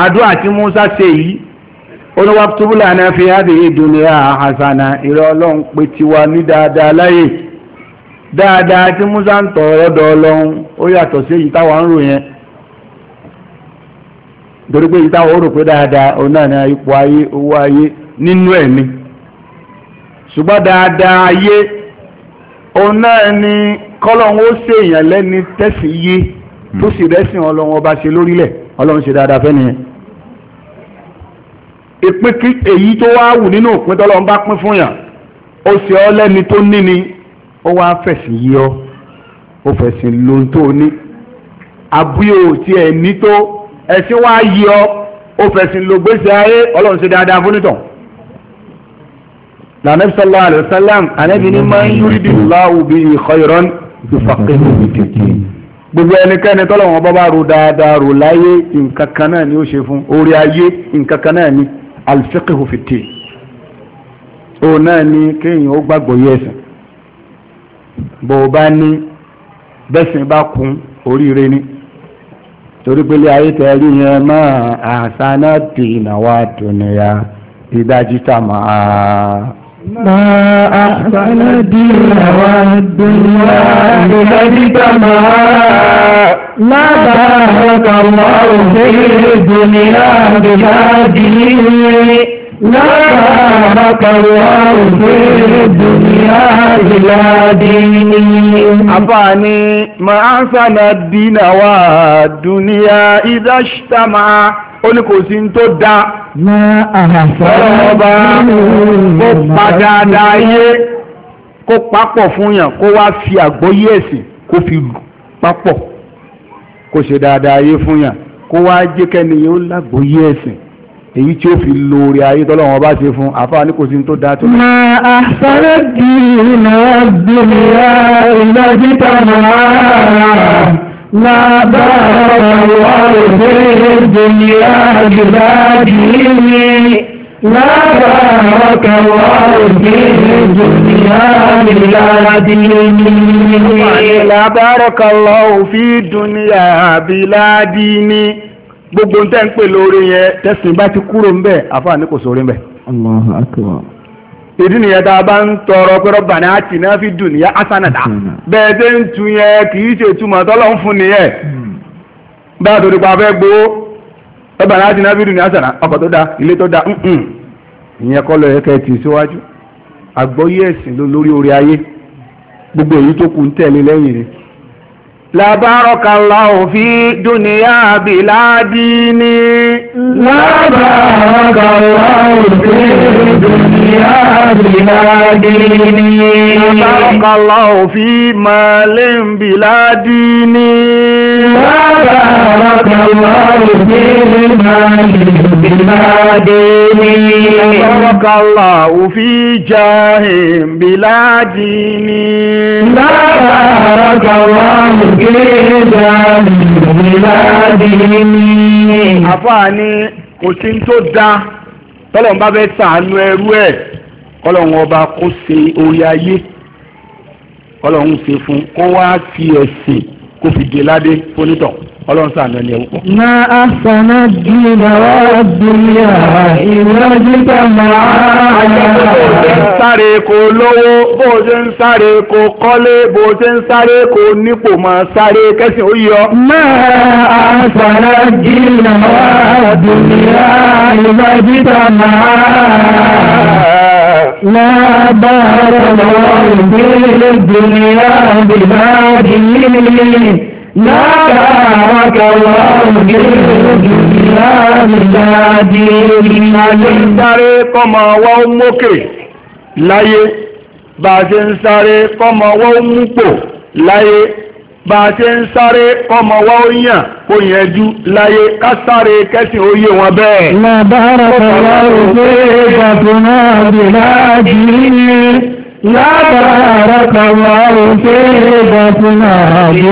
àdúrà tí Musa ṣe yìí oníwàtúbùlà náà fi hádìí dunya hasana ìrẹ́ ọlọ́run pé tiwa ní dáadáa láyè dáadáa tí musa ń tọ̀ ọ̀dọ̀ ọlọ́run ó yàtọ̀ sí èyí táwa ń rò yẹn torí pé èyí táwa ó rò pé dáadáa òun náà ní ipò ayé owó ayé nínú ẹ̀mí ṣùgbọ́n dáadáa ayé òun náà ní kọ́lọ́run ó ṣèèyàn lẹ́ni tẹ̀sí yé tó sì rẹ́sìn ọlọ́run ọba ṣe lórílẹ̀ ọlọ́run ṣe dáadáa ìpín kí èyí tó wá wù nínú òpin tọ́lọ́ ń bá pín fún yàn ó ṣe ọ́ lẹ́ni tó ní ni ó wá fẹ̀sìn yí ọ́ ó fẹ̀sìn lóhun tó ní àbúyò tí ẹ̀ ní tó ẹ̀sìn wá yí ọ́ ó fẹ̀sìn ló gbèsè ayé ọlọ́run ṣe dáadáa fún nìtàn lànàbí sallallahu alayhi wa sallam ànábì ní man yuridillahu bihi khayran yufaqihu fid-din gbogbo ẹnikẹ́ni tọ́lọ̀ wọn bá bá ro dáadáa ro láyé nǹkan kan náà ni ó ṣe fún orí ayé nǹkan kan náà ni alifikihu fìtì òun náà ni kéèyàn ó gbàgbọ́ yẹ ẹ̀sìn bó o bá ní bẹ́sìn bá kún oríire ni torí pélé ayé tẹ̀rí yẹn mọ́ àṣà náà dì náwó àdùnnìyà ìdájí tá máa. ما أحسن الدين والدنيا بذلك ما ما بارك الله في الدنيا بهذه لا بارك الله في الدنيا إلى ديني أفاني ما أحسن الدين والدنيا إذا اجتمع ó ní kò sí tó dá ọba kó pa dáadáa yé kó papọ̀ fún yàn kó wá fi àgbọ́yé ẹ̀sìn kó fi papọ̀ kó ṣe dáadáa yé fún yàn kó wá jẹ́ kẹ́niyàn ó lágbọ́yé ẹ̀sìn èyí tí ó fi lóore ayé tọ́lọ́wọ́n bá ṣe fún àfáà ní kò sí tó dá tó. ma àṣàrẹ́ di ìrìnà ọ̀gbìn ìyá ìlọ́jítà náà. ما دار الأرض الدنيا بباجه ما بارك الله في الدنيا بلا دين لا بارك الله في الدنيا بلا دين gbogbo ń tẹ́ ń pè lórí yẹn tẹ́sìn bá ti kúrò ń bẹ̀ àfáà ní kò sórí ń bẹ̀. Allahu akbar. ìdí nìyẹn tá a bá ń tọrọ pé rọ́bànà àti iná fi dùn níyà asánàdá bẹ́ẹ̀ tẹ́ ń tu yẹn kì í ṣe ìtumọ̀ tọ́lọ́ ń fún nìyẹn hmm. báyà tó fẹ́ gbó fi dùn da ilé tó da ìyẹn kọ́ lọ yẹ kẹ́ ẹ síwájú ẹ̀sìn lórí gbogbo èyí tó kù ń tẹ̀lé Labarakallahu fi dúnìyà bí ládíní. Labarakallahu fi dúnìyà bí ládíní. Labarakallahu fi malin bí ládíní. Labarakallahu fi malin bí ládíní. Labarakallahu fi jahin bí ládíní. Labarakallahu àfáàní kò sí tó dá tọ́lọ́n bá fẹ́ sàánú ẹrú ẹ̀ kọ́lọ́hún ọba kó ṣe orí ayé kọ́lọ́hún ṣe fún kó wá fi ẹ̀sìn kó fi dé ládé fónítọ̀ ọlọ́run sàánú ẹni ẹ̀wọ̀. ma asana dina wa dunya ìrọ̀jìta máa. sáré kò lówó bó ṣe ń sáré kò kọ́lé bó ń sáré kò nípò máa sáré kẹ́sìn ó yọ. ma asana dina wa dunya ìrọ̀jìta máa. لا بار الله في الدنيا بباده ناداك الله بالجلال الذي ayé ń sáré kọ́mọ ọwọ́ ó mókè láyé bá a ṣe ń sáré kọ́mọ ọwọ́ ó múpò láyé bá a ṣe ń sáré kọ́mọ ọwọ́ ó yàn kó yẹjú láyé ká sáré kẹ́sìn ó yé wọn bẹ́ẹ̀. làbára kọ̀ọ̀rọ̀ òfin ìgbà tó náà dé láàjì لبارك الله في غفنا بلادي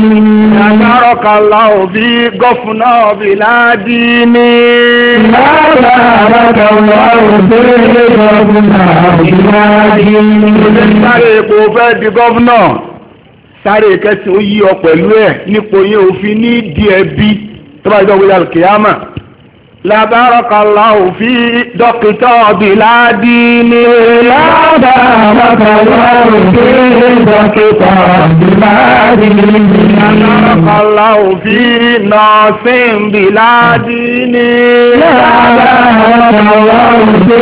لبارك الله في غفنا بلادي لبارك الله في غفنا بلادي sáré kò fẹ́ di gọ́fúnà sáré kẹsì ó yí ọ pẹ̀lú ẹ̀ nípo yẹn òfin ní díẹ̀ bí tó bá jọ wíyà kìámà Labarakallahu fi dọ́kítọ́ bìláàdì ní Labarakallahu fi dọ́kítọ́ bìláàdì ní Labarakallahu fi nọ́ọ̀sìn bìláàdì ní Labarakallahu fi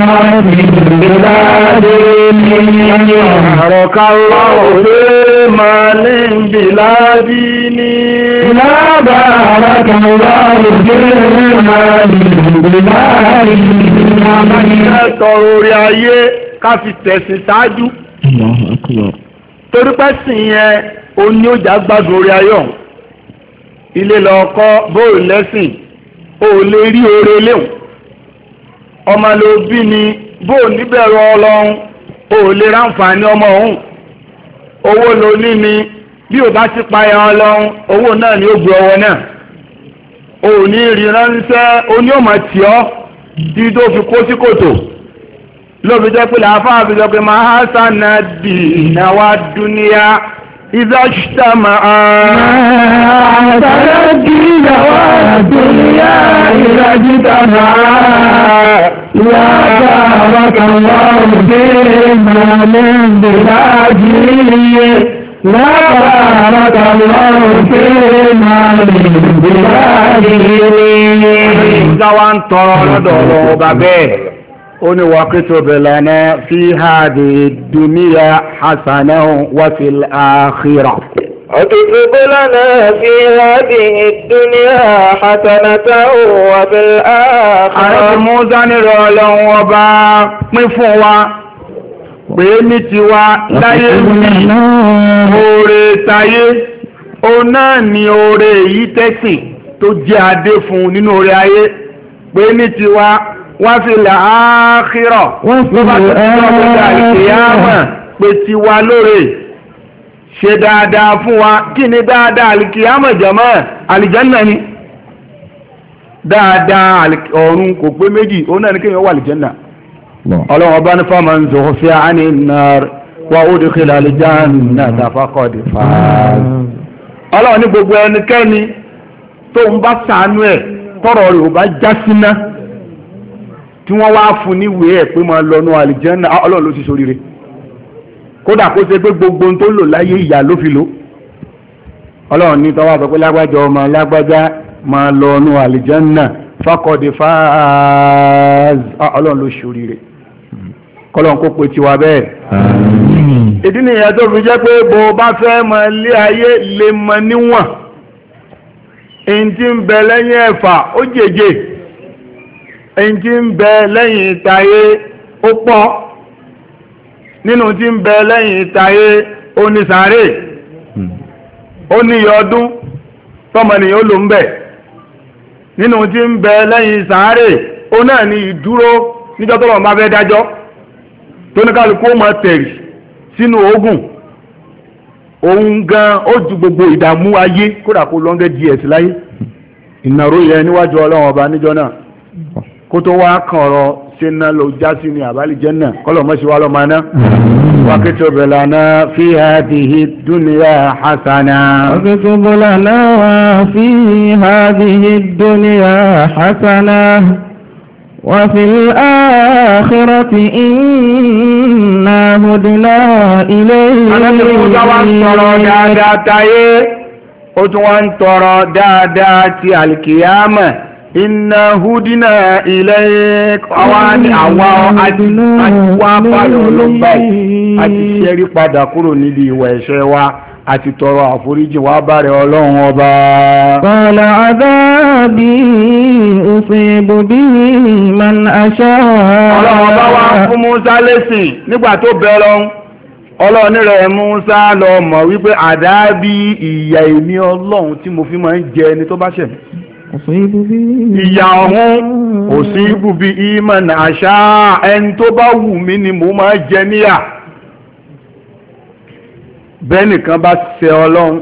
nọ́ọ̀sìn bìláàdì ní Labarakallahu fi màálìn bìláàdì ní Labarakallahu fi tọrọ orí ayé ká fi tẹ̀sìn ṣáájú torí pẹ́sìn yẹn gbádùn orí ayé ilé lọ kọ́ bóòlù lẹ́sìn o lè rí oore léhùn ọmọ ló bí ni bóòlù níbẹ̀rù ọlọ́run o lè ráǹfààní ọmọ owó ní ni bí bá ti ọlọ́run owó náà ni ó ọwọ́ o ní ìrìnránṣẹ́ oní ọmọ tí ọ́ tí tó fi kó sí kòtò lóbi jẹ́ pé làáfáà fi jọ pé máa há sànà dì náwà dúníyà ìdáṣítà máa sànà dì náwà dúníyà ìdáṣítà máa yàtà àwọn a wà òde màlẹ́ ìdájí لا قرارك الله فينا من زوان طرق دروبة به أني وقت بلنا في هذه الدنيا حسنا وفي الآخرة وقت بلنا في هذه الدنيا حسنة وفي الآخرة pé ní tiwa láyé ní oore tayé òun náà ni oore èyí tẹ́sìn tó jẹ́ adé fún nínú oore ayé pé ní tiwa wá fi là áákírọ̀ tó bá tó ti rọ̀ lóore ṣe dáadáa fún wa kí ni dáadáa àìkéyàmọ̀ jọmọ́ àlìjánná ni dáadáa ọ̀run kò pé méjì òun náà ni kéèyàn wà àlìjánná ọlọ́wọ́ bá ní fọ́mọ̀ ń zòó fi àánì náà wà ó dìkì lálìjáàn náà tàfàkọ̀dì fàáàz ọlọ́wọ́ ní gbogbo ẹnikẹ́ni tó ń bá sàánú ẹ̀ tọrọ rẹ̀ ò bá já síná tí wọ́n wá fún níwèé ẹ̀ pé máa lọ́nu àlìjáàn náà ah, ọlọ́wọ́ ló ti ṣoríire kódà kó ṣe pé gbogbo tó lò láyé ìyá ló fi lò ọlọ́run ní tọ́wọ́ sọ lágbájá ọmọ lágbájá máa lọ́nu àlìjáàn náà fàkọ̀dì fàáàz ah, ọlọ́run ló ṣoríire kọ́lọ́n kó pe tiwa bẹ́ẹ̀. ìdí nìyẹn tó fi jẹ́ pé bó bá fẹ́ mọ ilé ayé lè mọ níwọ̀n èyí tí ń bẹ lẹ́yìn ẹ̀fà ó jèjè èyí tí ń bẹ lẹ́yìn ìtayé ó pọ̀ nínú tí ń bẹ lẹ́yìn ìtayé ó ní ó níyọ ọdún tọmọnìyàn ń bẹ̀ nínú tí ń bẹ lẹ́yìn ó náà tóníkàlùkù ó máa tẹ̀rì sínú ogun òun gan ó ju gbogbo ìdààmú ayé kódà kó lọ́ngẹ́ díẹ̀ sí láyé ìnáró yẹn níwájú ọlọ́run ọba níjọ náà kó tó wá kàn ọ̀rọ̀ ṣe ná ló já ni àbálí jẹ́ náà kọ́lọ̀ mọ́ṣe wá lọ́ọ́ máa ná. واكتب لنا في هذه الدنيا حسنة واكتب لنا fi هذه الدنيا hasana. وفي الآخرة إنا هدنا إليه Ànábì Mùsá wá ń tọrọ dáadáa tayé ó tún wá ń tọrọ dáadáa ti alkiyama iná húdínà ilẹ̀ ọwá ní àwa àdínúwà báyọ̀ lọ́gbàá àti ṣẹ́rí padà kúrò níbi ìwà ẹ̀ṣẹ̀ wa àti tọrọ àforíjì wá bára ọlọ́run ọba. Qala adhabi usibu bihi man asha. ọlọ́run ọba wá fún Musa lésì nígbà tó bẹ̀rọ ọlọ́run ní rẹ̀ Musa lọ mọ̀ wípé àdábí ìyà èmi ọlọ́run tí mo fi máa ń jẹ ẹni tó bá ṣẹ̀ ìyà ọ̀hún usibu bihi man asha ẹni tó bá wù mí ni mo máa jẹ níyà bẹ́nìkan bá ṣe ọlọ́run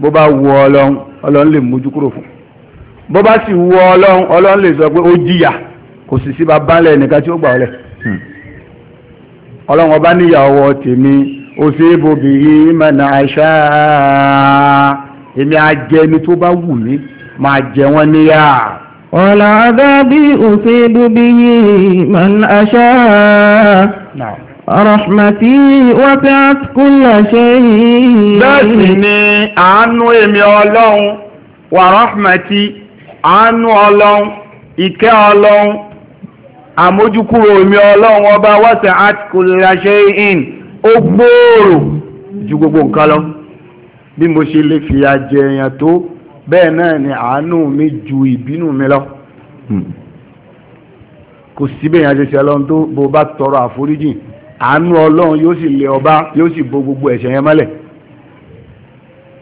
bó bá wu ọlọ́run ọlọ́run lè mójú kúrò fún bó bá sì wu ọlọ́run ọlọ́run lè sọ pé ó jìyà kò sì sí bá bánlẹ̀ ẹnìkan tí ó gbà ọlẹ̀ hmm. ọlọ́run ọba níyàwó tèmi ó sì bò bí i àṣà èmi ajẹni tó bá wù mí máa jẹ wọ́n níyà ọ̀làdàbí òṣèlú bí i àṣà Rahmati wasi'at kulla shay'in. Bẹ́ẹ̀sì ni àánú èmi Ọlọ́run, wà Rahmati, àánú Ọlọ́run, ìkẹ́ Ọlọ́run, àmójúkúrò èmi Ọlọ́run ọba wasi'at kulla shay'in, ó gbòòrò ju gbogbo nǹkan lọ. Bí mo ṣe lè fìyà jẹ èèyàn tó, bẹ́ẹ̀ náà ni àánú mi ju ìbínú mi lọ. Hmm. Kò síbẹ̀ yẹn ṣe ṣe Ọlọ́run tó bó bá tọrọ àforíjì àánú ọlọ́run yóò sì lé ọba yóò sì bo gbogbo ẹ̀ṣẹ̀ yẹn mọ́lẹ̀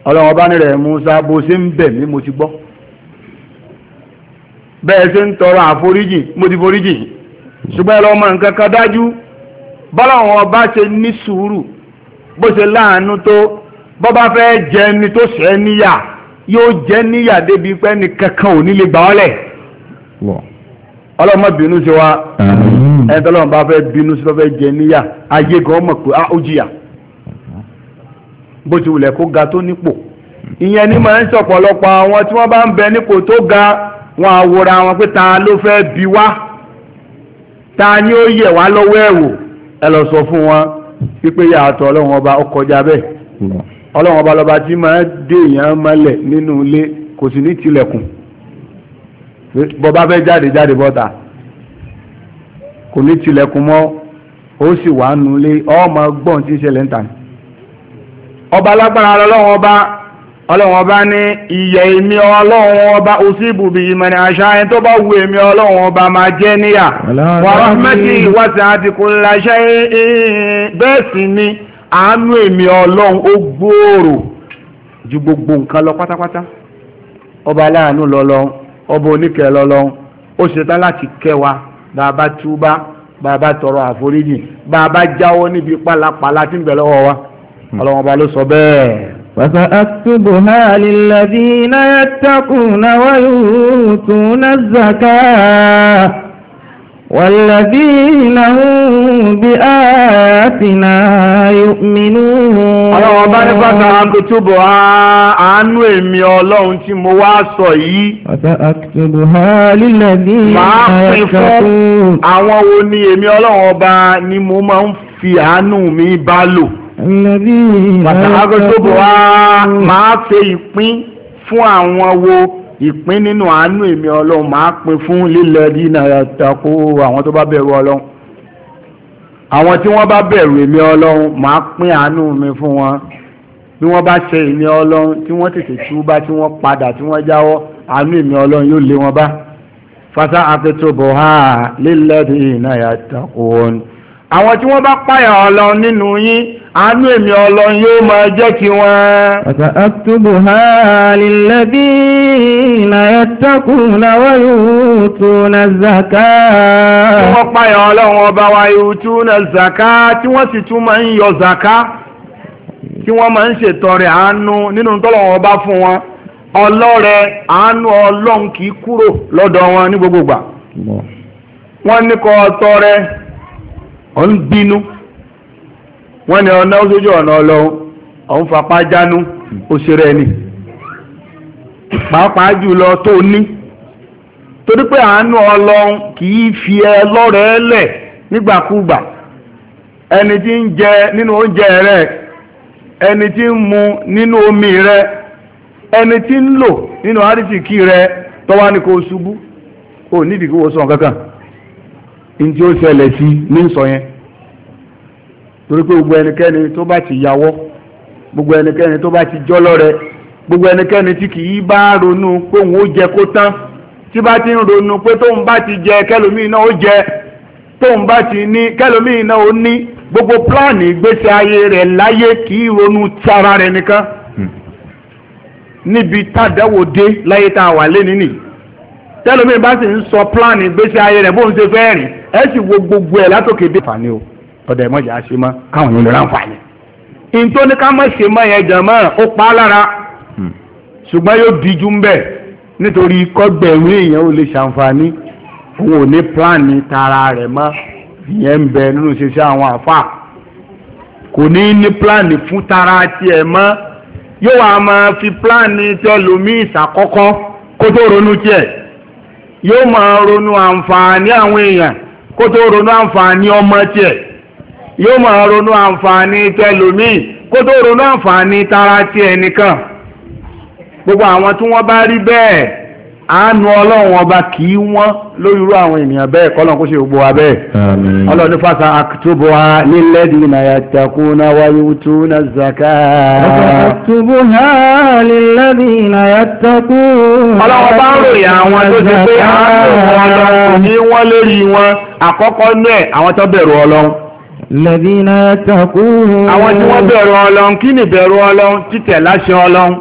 ọlọ́run ọba ní Musa bó ṣe ń bẹ̀ mí mo ti gbọ́ bẹ́ẹ̀ ṣe ń tọrọ àforíjì mo ti foríjì ṣùgbọ́n ẹ̀rọ ọmọ nǹkan kan dájú bọ́lọ́run ọba ṣe ní sùúrù bó ṣe láàánú tó bọ́ bá fẹ́ jẹ ẹni tó ṣẹ́ níyà yóò jẹ́ níyà débi pé ẹnì kankan ò ní lè gbà ọ́ ọlọ́mọ bínú sí wa ẹni tó lọ́mọ bá fẹ́ bínú sí lọ́fẹ́ jẹ níyà ayé gan mọ̀ pé ó jìyà bó ti wulẹ̀ kó ga tó nípò ìyẹn ni máa ń ṣọ̀pọ̀lọpọ̀ àwọn tí wọ́n bá ń bẹ nípò tó ga wọn àwòrán àwọn pé ta ló fẹ́ bi wá ta ni ó yẹ wá lọ́wọ́ ẹ̀ ẹ lọ sọ fún wọn pípé yàtọ̀ ọlọ́run ọba ó kọjá bẹ́ẹ̀ ọlọ́run ọba lọ́ba tí máa dé èèyàn mọ́lẹ̀ nínú ilé kò sì ní tilẹ̀kùn bó bá fẹ́ jáde jáde bọ́ta kò ní tilẹ̀kùn mọ́ ó sì wà nulé ọmọ gbọ́n tí ń ṣẹlẹ̀ ń tà ní. ọba alágbára ọlọ́run ọba ọlọ́run ọba ní ìyẹ̀ èmi ọlọ́run ọba òsì ibùbí ìmọ̀ni àṣà ẹni tó bá wu èmi ọlọ́run ọba máa jẹ́ níyà wàhálàmẹ́tì ìwádìí àti kùnláṣẹ́ bẹ́ẹ̀ sì ni àánú èmi ọlọ́run ó gbòòrò ju gbogbo nǹkan lọ pátápátá ọba aláàánú lọ́lọ́run ọba oníkẹ́ lọ́lọ́run ó ṣetán láti kẹ́ wa bàbá túbá bàbá tọrọ àforíjì bàbá jáwọ́ níbi pálapàla tí ń bẹ lọ́wọ́ wa hmm. ọlọ́run ọba ló sọ bẹ́ẹ̀. وسأكتبها للذين يتقون ويؤتون الزكاة والذين هم بآياتنا يؤمنون ọlọ́run ọba ní fàtà akùtùbù àánú èmi ọlọ́run tí mo wá sọ yìí fàtà akùtùbù ha lílẹ̀ ní máa pín fún àwọn wo ni èmi ọlọ́run ọba ni mo máa ń fi àánú mi bá lò fàtà akùtùbù ha máa fẹ́ ìpín fún àwọn wo ìpín nínú àánú èmi ọlọ́run máa pín fún lílẹ̀ dínà tako àwọn tó bá bẹ̀rù ọlọ́run àwọn tí wọ́n bá bẹ̀rù èmi ọlọ́run máa pín àánú mi fún wọn bí wọ́n bá ṣe èmi ọlọ́run tí wọ́n tètè túbá tí wọ́n padà tí wọ́n jáwọ́ àánú èmi ọlọ́run yóò lé wọn bá fasa akitobo ha lílẹ̀ dínà tako àwọn tí wọ́n bá páyà ọlọ́run nínú yín àánú èmi ọlọ́run yóò máa jẹ́ kí wọ́n. Ọ̀tà àtúbù ha lílẹ́bí na ẹ̀tọ́kùn náwọ́ yóò na zaka. wọ́n páyà ọlọ́run ọba wa yóò na zaka tí wọ́n sì tún máa ń yọ zaka tí wọ́n máa ń ṣètọrẹ àánú nínú ọba fún wọn. Ọlọ́rẹ àánú ọlọ́run kì í kúrò lọ́dọ̀ wọn ní gbogbogbà. Wọ́n ní kọ́ ọtọrẹ, ọ̀ ń bínú. wọ́n ní ọ̀nà sójú ọ̀nà ọlọ́run ọ̀hún fapá jánú òṣèré ẹni pàápàá jùlọ tó ní torí pé àánú ọlọ́run kì fi ẹ lọ́rẹ̀ẹ́ lẹ̀ nígbàkúgbà ẹni tí ń jẹ nínú oúnjẹ rẹ ẹni tí ń mu nínú omi rẹ ẹni tí ń lò nínú àrísìkí rẹ tọ́wá ní kò ṣubú kò nídìí kí wọ́n sọ kankan ní tí ó ṣẹlẹ̀ sí ní sọ yẹn torí gbogbo ẹnikẹ́ni tó bá ti yàwọ́ gbogbo ẹnikẹ́ni tó bá ti jọ́lọ́rẹ gbogbo ẹnikẹ́ni tí kì í bá ronú pé òun ó jẹ kó tán tí bá ti ń ronú pé tóun bá ti jẹ kẹlòmíì náà ó jẹ tóun bá ti ní kẹlòmíì náà ó gbogbo pílánì ìgbésí ayé rẹ̀ láyé kì í ronú tara rẹ̀ nìkan hmm. níbi tàdáwò dé láyé tá a wà lé bá sì ń sọ pílánì ayé rẹ̀ gbogbo ẹ̀ látòkè dé tọdụ ẹ̀mọ́jà á ṣe mọ káwọn èèyàn lè ní ká mọ̀ ṣe yẹn jàn mọ́ ó pa hmm. ṣùgbọ́n yóò díjú ń nítorí kọ́gbẹ̀rún èèyàn ò lè ṣàǹfààní òun ò ní pílánì tara rẹ̀ mọ́ ìyẹn ń nínú àwọn àfà kò ní ní pílánì fún tara tiẹ̀ yóò wá máa fi pílánì tí kó tó ronú ronú àǹfààní yóò máa ronú àǹfààní tẹlòmíì kó tó ronú àǹfààní tara ti ẹnìkan gbogbo àwọn tí wọ́n bá rí bẹ́ẹ̀ àánú ọlọ́run ọba kì í wọ́n lórí irú àwọn ènìyàn bẹ́ẹ̀ kọ́lọ́n kó ṣe gbogbo wa ní wa zaka. ha bá ròyìn àwọn tó ti pé àánú kò ní lórí wọn náà àwọn tó lẹ́bínà yàtàkùn. àwọn tí wọ́n bẹ̀rù ọlọ́run kí ni bẹ̀rọ ọlọ́n títẹ̀ láṣẹ ọlọ́n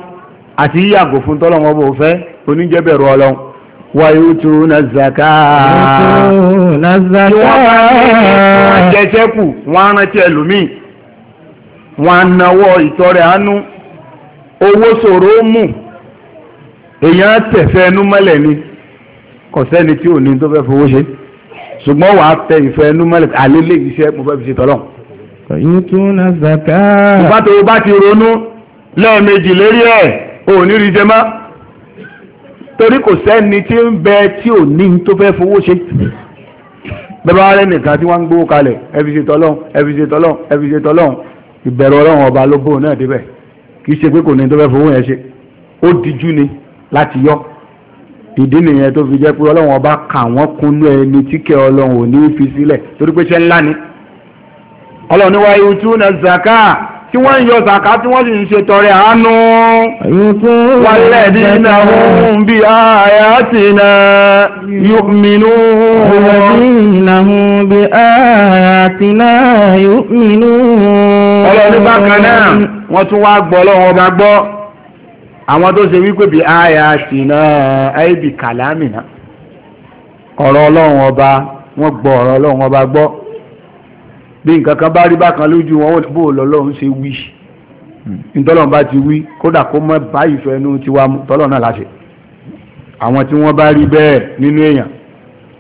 àti yíyàgò fún tọ́lọ́run ọba òfẹ́ oníjẹ́ bẹ̀rọ ọlọ́n wa yutuna zaka. yutuna zaka. tí wọ́n bá tí ò ní tó fẹ́ fowó ṣe. ṣùgbọ́n wàá tẹ ìfẹ́ inú mọ́lẹ̀ àlélé iṣẹ́ mo fẹ́ fi ṣe tọ́lọ̀. yìí tún na zaka. ìfá tó o bá ti ronú lẹ́ẹ̀mejì lérí ẹ̀ o ò ní rí jẹ mọ́ torí kò sẹ́ni tí ń bẹ tí ò ní tó fẹ́ fowó ṣe bẹ́ẹ̀ bá rẹ̀ nìkan tí wọ́n ń gbówó kalẹ̀ ẹ fi ṣe tọ́lọ̀ ẹ fi ṣe tọ́lọ̀ ẹ fi ṣe tọ́lọ̀ ìbẹ̀rù ọlọ́run ọba ló bóun náà débẹ̀ kì í ṣe pé kò ní tó fẹ́ fowó yẹn ṣe ó dijú ni láti yọ ìdí nìyẹn tó fi jẹ́ pé ọlọ́run ọba kà wọ́n kúnlú ẹni tí kẹ́ ọlọ́run ò ní fi sílẹ̀ torí pé ṣe ńlá ni ọlọ́run ní wáyé ojú na zaka tí wọ́n ń yọ zaka tí wọ́n sì ń ṣe tọrẹ àánú wàlẹ̀ dínà hún bí àyà ti na yùmínú wàlẹ̀ dínà hún bákan náà wọ́n tún wá gbọ́ ọlọ́run ọba gbọ́ àwọn tó se wípé bí àyà ti náà àìbì kàlámìnà ọ̀rọ̀ ọlọ́run ọba wọ́n gbọ́ ọ̀rọ̀ ọlọ́run ọba gbọ́ bí nkankan bá rí bákan lójú wọn bó lọ́lọ́run se wí nítọ́lọ́run bá ti wí kódà kó mọ́ báyìí fẹ́nu wá tọ́lọ́run náà láṣẹ àwọn tí wọ́n bá rí bẹ́ẹ̀ nínú èèyàn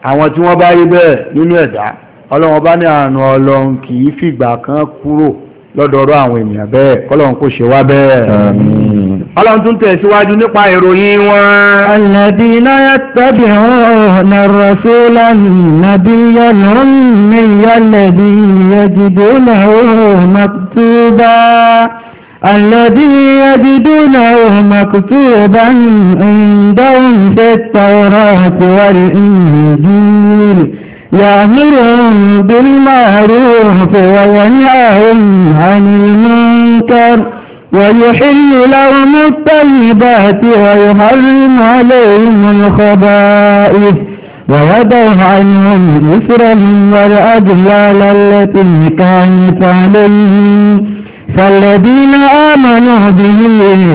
àwọn tí wọ́n bá rí bẹ́ẹ̀ nínú ẹ̀dá ọlọ́run ọba ní àrùn ọlọ́run kì í fìgbà kan kúrò lọ́dọọdọ́ àwọn ènìyàn bẹ́ẹ̀ kọ́lọ́n kò ṣe wá bẹ́ẹ̀. ọlọ́run tún tẹ̀síwájú nípa ìròyìn wọn. alladhina yattabi'una ar-rasula an-nabiyya al-ummiyya alladhi yajidunahu maktuba. الذي يجدونه مكتوبا عندهم في التوراة والإنجيل يأمرهم بالمعروف وينهاهم عن المنكر ويحل لهم الطيبات ويحرم عليهم الخبائث ويضع عنهم إسرهم والأجلال التي كانت عليهم فالذين آمنوا به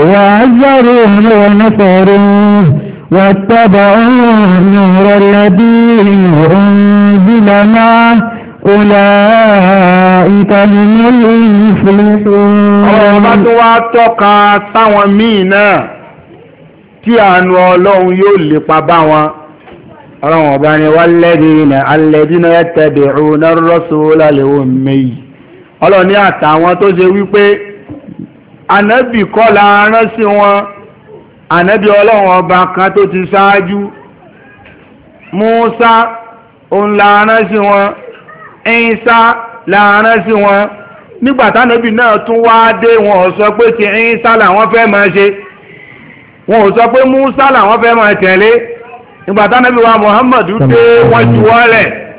وعزروه ونصروه واتبعوا النور الذي أنزل معه أولئك هم المفلحون ọ̀rọ̀ bá tó wá tọ́ka táwọn míì náà tí àánú ọlọ́run yóò lépa bá wọn ọlọ́run ọba ni والذين الذين يتبعون الرسول الأمي ọlọ́run ní àtàwọn tó ṣe wípé ànábì kọ́ la rán sí wọn ànábì ọlọ́run ọba kan tó ti ṣáájú Mùsá òun láàrán sí wọn Ìsá láàrán sí wọn nígbàtá ànábì náà tún wá dé wọn ò sọ pé ti Ìsá làwọn fẹ́ máa ṣe wọn ò sọ pé Mùsá làwọn fẹ́ máa tẹ̀lé nígbàtá ànábì wa Muhammadu dé wọ́n ju wọ́n lẹ̀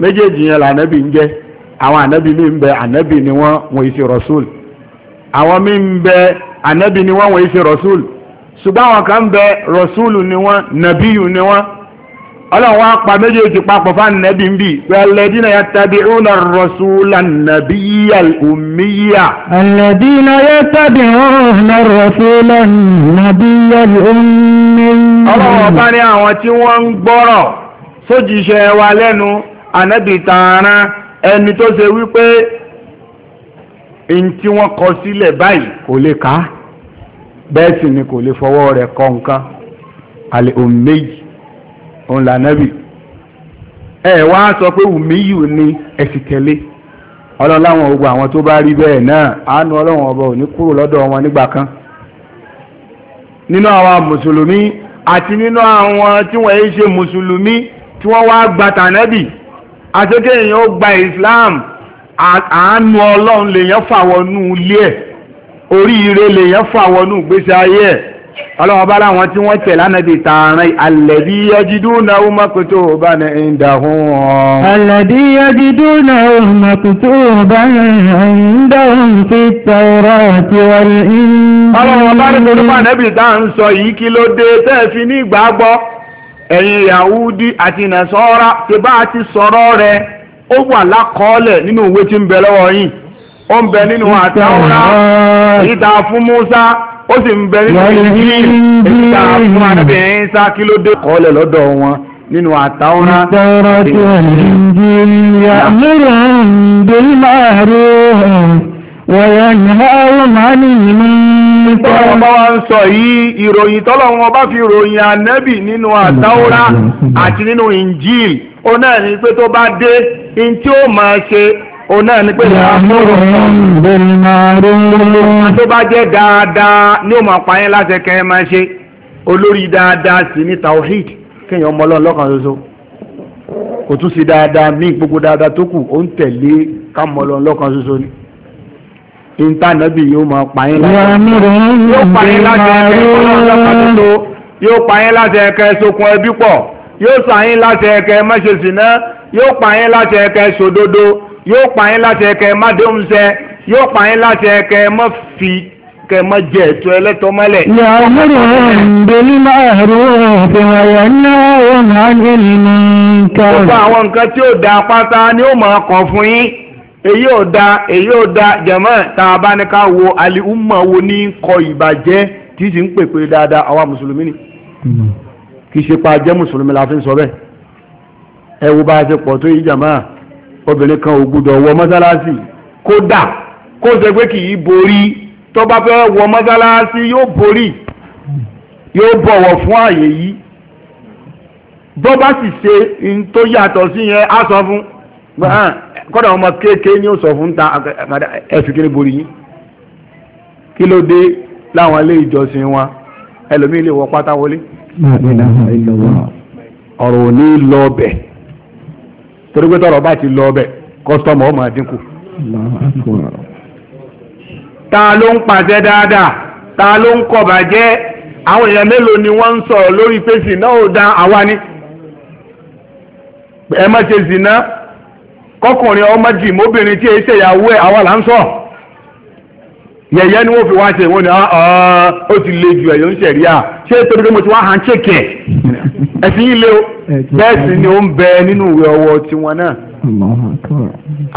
méjèèjì yẹn lànàbì ń jẹ́ àwọn ànábì mi ń bẹ ànábì ni wọ́n wọ́n ìṣe rọ́súl àwọn mi ń bẹ ànábì ni wọ́n wọ́n ìṣe rọ́súl ṣùgbọ́n àwọn kan bẹ rọ́súl ni wọ́n nàbíyù ni wọ́n ọlọ́run wá pa méjèèjì papọ̀ fún ànábì ń bì walladhina yattabi'una ar-rasula an-nabiyya al-ummiyya. alladhina yattabi'una ar-rasula an-nabiyya al-ummiyya. ọlọ́run ọba ní àwọn tí wọ́n ń gbọ́rọ̀ sójúṣe wa lẹ́nu ànábì tààrà ẹni tó ṣe wípé n tí wọ́n kọ sílẹ̀ báyìí kò lè kà á bẹ́ẹ̀ sì ni kò lè fọwọ́ rẹ̀ kọ nǹkan àlè òmìnirì òun lànàbì ẹ wá sọ pé òmìnirì ni ẹ̀sì tẹ̀lé ọlọ́run láwọn ogun àwọn tó bá rí bẹ́ẹ̀ náà àánú ọlọ́run ọba ò kúrò lọ́dọ̀ wọn nígbà kan nínú àwọn mùsùlùmí àti nínú àwọn tí wọ́n yé ṣe mùsùlùmí tí wọ́n wá gba àtẹ́kẹ́ èèyàn ó gba Islam àánú ọlọ́run lèèyàn fàwọnú ilé ẹ̀ oríire lèèyàn fàwọnú ìgbésí ayé ẹ̀ ọlọ́run bá láwọn tí wọ́n tẹ̀ lánàbì tààrin alẹ́bí yẹjidúnà ọmọkùtò bá ní ìdáhùn wọn. alẹ́bí bá ní àti wọlé. ọlọ́run bá ní tá à ń sọ yìí kí ẹ̀yìn yahudi àti nasọ́ra tí bá a ti sọ̀rọ̀ rẹ̀ ó wà lákọọ́lẹ̀ nínú ìwé tí ń bẹ lọ́wọ́ yín ó ń bẹ nínú àtàwọ́rá ìta fún Musa ó sì ń bẹ nínú ìta fún arábìnrin sá kí ló dé kọ́ọ̀lẹ̀ lọ́dọ̀ wọn nínú Ọ̀rọ̀ bá wa ń sọ yìí, ìròyìn tọ́lọ́run ọba fi ròyìn ànẹ́bì nínú àtáwọ́rá àti nínú Injil, ó náà ní pé tó bá dé, in tí ó máa ṣe, ó náà ní pé ìrànlọ́rọ̀ tó bá jẹ́ dáadáa ní ó máa pààyàn láti kẹ́ máa ṣe, olórí dáadáa sì ní Tawhid, kéèyàn ọmọ ọlọ́run lọ́kàn ṣoṣo. Kò tún sí dáadáa ní gbogbo dáadáa tó kù, ó ń tẹ̀lé ká ìntànàbì yóò máa pààyín láti yóò pààyín láti ẹ̀kẹ́ sokùn ẹbí pọ̀ yóò sàáyín láti ẹ̀kẹ́ mẹ́ṣe sínà yóò pààyín láti ẹ̀kẹ́ sòdodo yóò pààyín láti ẹ̀kẹ́ mádéhùnsẹ yóò pààyín láti ẹ̀kẹ́ mọ́fì kẹmọ jẹ ẹ̀tọ́ ẹlẹ́tọ́ mọ́lẹ̀. yàmúrò ìbẹ̀lú máa rú òfin ọ̀yọ́ náà ó máa ń gbé nínú nǹkan. gbogbo àwọn nǹkan tí ó da pátá ni ó máa kọ̀ fún yín. èyí ò da èyí ò da jẹ̀mọ́ tá a bá ní ká wo aliumma wo ní kọ ìbàjẹ́ tí sì ń pèpè dáadáa àwa mùsùlùmí ni kì í ṣe pa jẹ́ mùsùlùmí la fi ń sọ bẹ́ẹ̀ ẹ wo bá a ṣe pọ̀ tó yí jẹ̀mọ́ obìnrin kan ò gbúdọ̀ wọ mọ́sálásì dà kó ṣe pé kì í borí tó bá fẹ́ wọ mọ́sálásì yóò borí yóò bọ̀wọ̀ fún àyè yìí bọ́ bá sì ṣe tó yàtọ̀ sí yẹn á sọ fún gbọ́n kọ́dọ̀ ọmọ kéèké ní òsọ̀ fún ta ẹ̀sùn kiri borí yín kí ló dé láwọn ilé ìjọsìn wa wọ pátá wọlé. ọ̀rọ̀ ní lọ torí pé tọrọ bá ti lọ kọ́sítọ́mù ọmọ àdínkù. ta ló ń pàṣẹ dáadáa ta ló ń ni wọ́n ń sọ̀rọ̀ lórí pé zina da àwa ni kọkùnrin ọmọ jì mọ́bìnrin tí èyí ṣèyàwó ẹ̀ àwa là ń sọ ni wọ́n fi wá ṣe wọ́n ni ah, ah, ó ti le jù ẹ̀yọ́ ń ṣẹ̀rí à ṣé torí pé mo ti wá hàn ẹ̀sìn yìí lé o bẹ́ẹ̀ sì ni ó ń bẹ nínú ìwé ọwọ́ tiwọn náà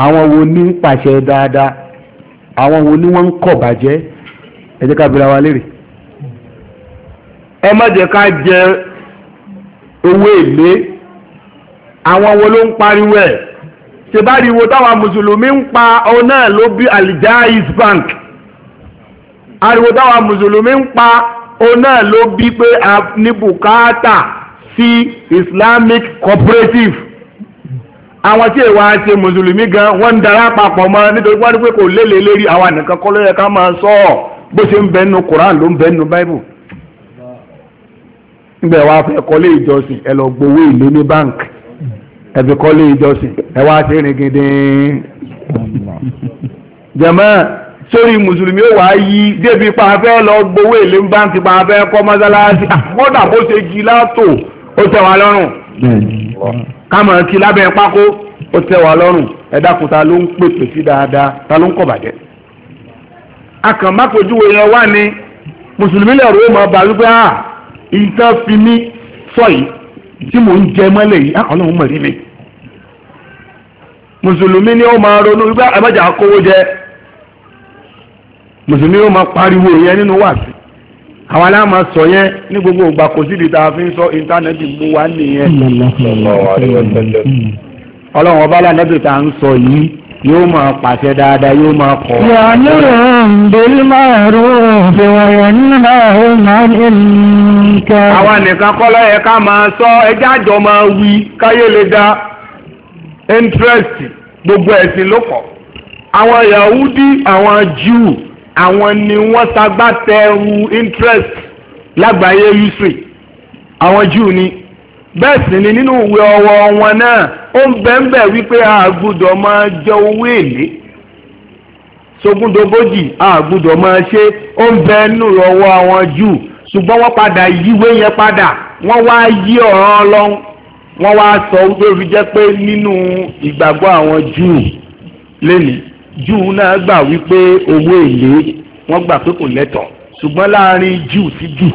àwọn wo ní pàṣẹ dáadáa àwọn wo ní wọ́n ń kọ̀ bàjẹ́ ẹ jẹ́ ká bira wa léèrè ẹ má jẹ́ ká jẹ wo ló ń pariwo seba táwa mùsùlùmí ń pa òun náà ló bí alijaiz bank ariwo táwa mùsùlùmí ń pa òun náà ló bí pé a ní bùkátà sí islamic cooperative àwọn tí èèwà ṣe mùsùlùmí gan wọ́n ń dara papọ̀ mọ́ nítorí wọ́n ní pé kò lélẹ̀ lérí àwa nìkan kọ́ ló yẹ ká máa sọ ọ́ bó ṣe ń bẹ nu Quran ló ń bẹ nu Bible nígbà wàá fẹ́ kọ́lé ìjọsìn ẹ lọ gbowó ìlú ní báńkì ẹ̀bí kọ́lé ìjọsìn ẹwà àti ìrìngìndín jẹ̀mọ́ sórí mùsùlùmí ó wà á yí débi pa afẹ́ lọ gbowó èlé ń báńkì pa afẹ́ kọ́ mọ́sálásí ah, kódà bó ṣe jí látò ó tẹ̀ wá lọ́rùn kámọ̀ kí lábẹ́ pákó ó tẹ̀ wá lọ́rùn ẹ̀dákun ta ló ń pèpè sí dáadáa ta ló ń kọ̀ bàjẹ́. akànmápèjúwe yẹn wá ní mùsùlùmí lẹ̀rọ ó mọ̀ bá wípé à ah, ìtàn fi mí sọ yìí tí mò ń jẹ mọ́lẹ̀ yìí akọ̀lọ́hún mọ̀ rí mùsùlùmí ni ó máa ronú wípé àbájá kówó jẹ mùsùlùmí ó máa pariwo yẹn nínú wàásù àwọn sọ yẹn ní gbogbo ìgbà kò tá a fi ń sọ íńtánẹ́ẹ̀tì mú wa nìyẹn ọlọ́run ọba alánẹ́bì yóò máa pàṣẹ dáadáa yóò máa kọ̀. yàmúrò bíi márùn ún fi wọ̀nyẹ̀ nílá ìmọ̀ ìmìnkà. àwa nìkan kọ́ lọ́yẹ ká máa sọ ẹjẹ́ àjọ máa wí káyé lè dá interest gbogbo ẹ̀sìn ló kọ̀. àwọn yahudi àwọn Jew, àwọn ni wọ́n sagbátẹrù interest lágbàáyé yusri àwọn Júù ni bẹ́ẹ̀ sì ni nínú ìwé ọwọ́ wọn náà ó ń bẹ́ńbẹ́ wípé àgùdọ̀ máa jẹ owó èlé sógúndogójì àgùdọ̀ máa ṣe ó ń bẹ nínú ọwọ́ àwọn Júù ṣùgbọ́n wọ́n padà yíwé yẹn padà wọ́n wá yí ọ̀ràn ọlọ́run wọ́n wá sọ wípé fi jẹ́ pé nínú ìgbàgbọ́ àwọn Júù lẹ́nìí Júù náà gbà wípé owó èlé wọ́n gbà pé kò lẹ́tọ̀ọ́ ṣùgbọ́n láàrin Júù sí Júù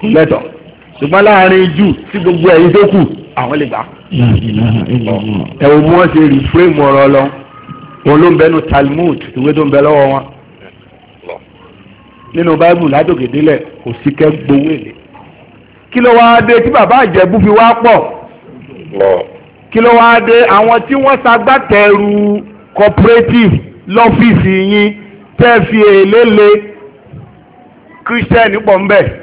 kò lẹ́tọ̀ọ́ ṣùgbọ́n láàrin jù tí gbogbo ẹ̀yin tó kù àwọn lè gbà. ẹ̀wọ̀n wọn ti rí fúrémù ọ̀rọ̀ lọ wọn ló ń bẹnu Talmud ìwé tó ń bẹ lọ́wọ́ wọn nínú báíbù ládòkè délẹ̀ kò sí kẹ́ gbowó èlé kí ló wáá dé tí bàbá àjẹbù fi wá pọ̀ kí ló wáá dé àwọn tí wọ́n ṣagbátẹrù cooperative lọ́fíìsì yín tẹ́ fi èlé le christian pọ̀ ń bẹ̀.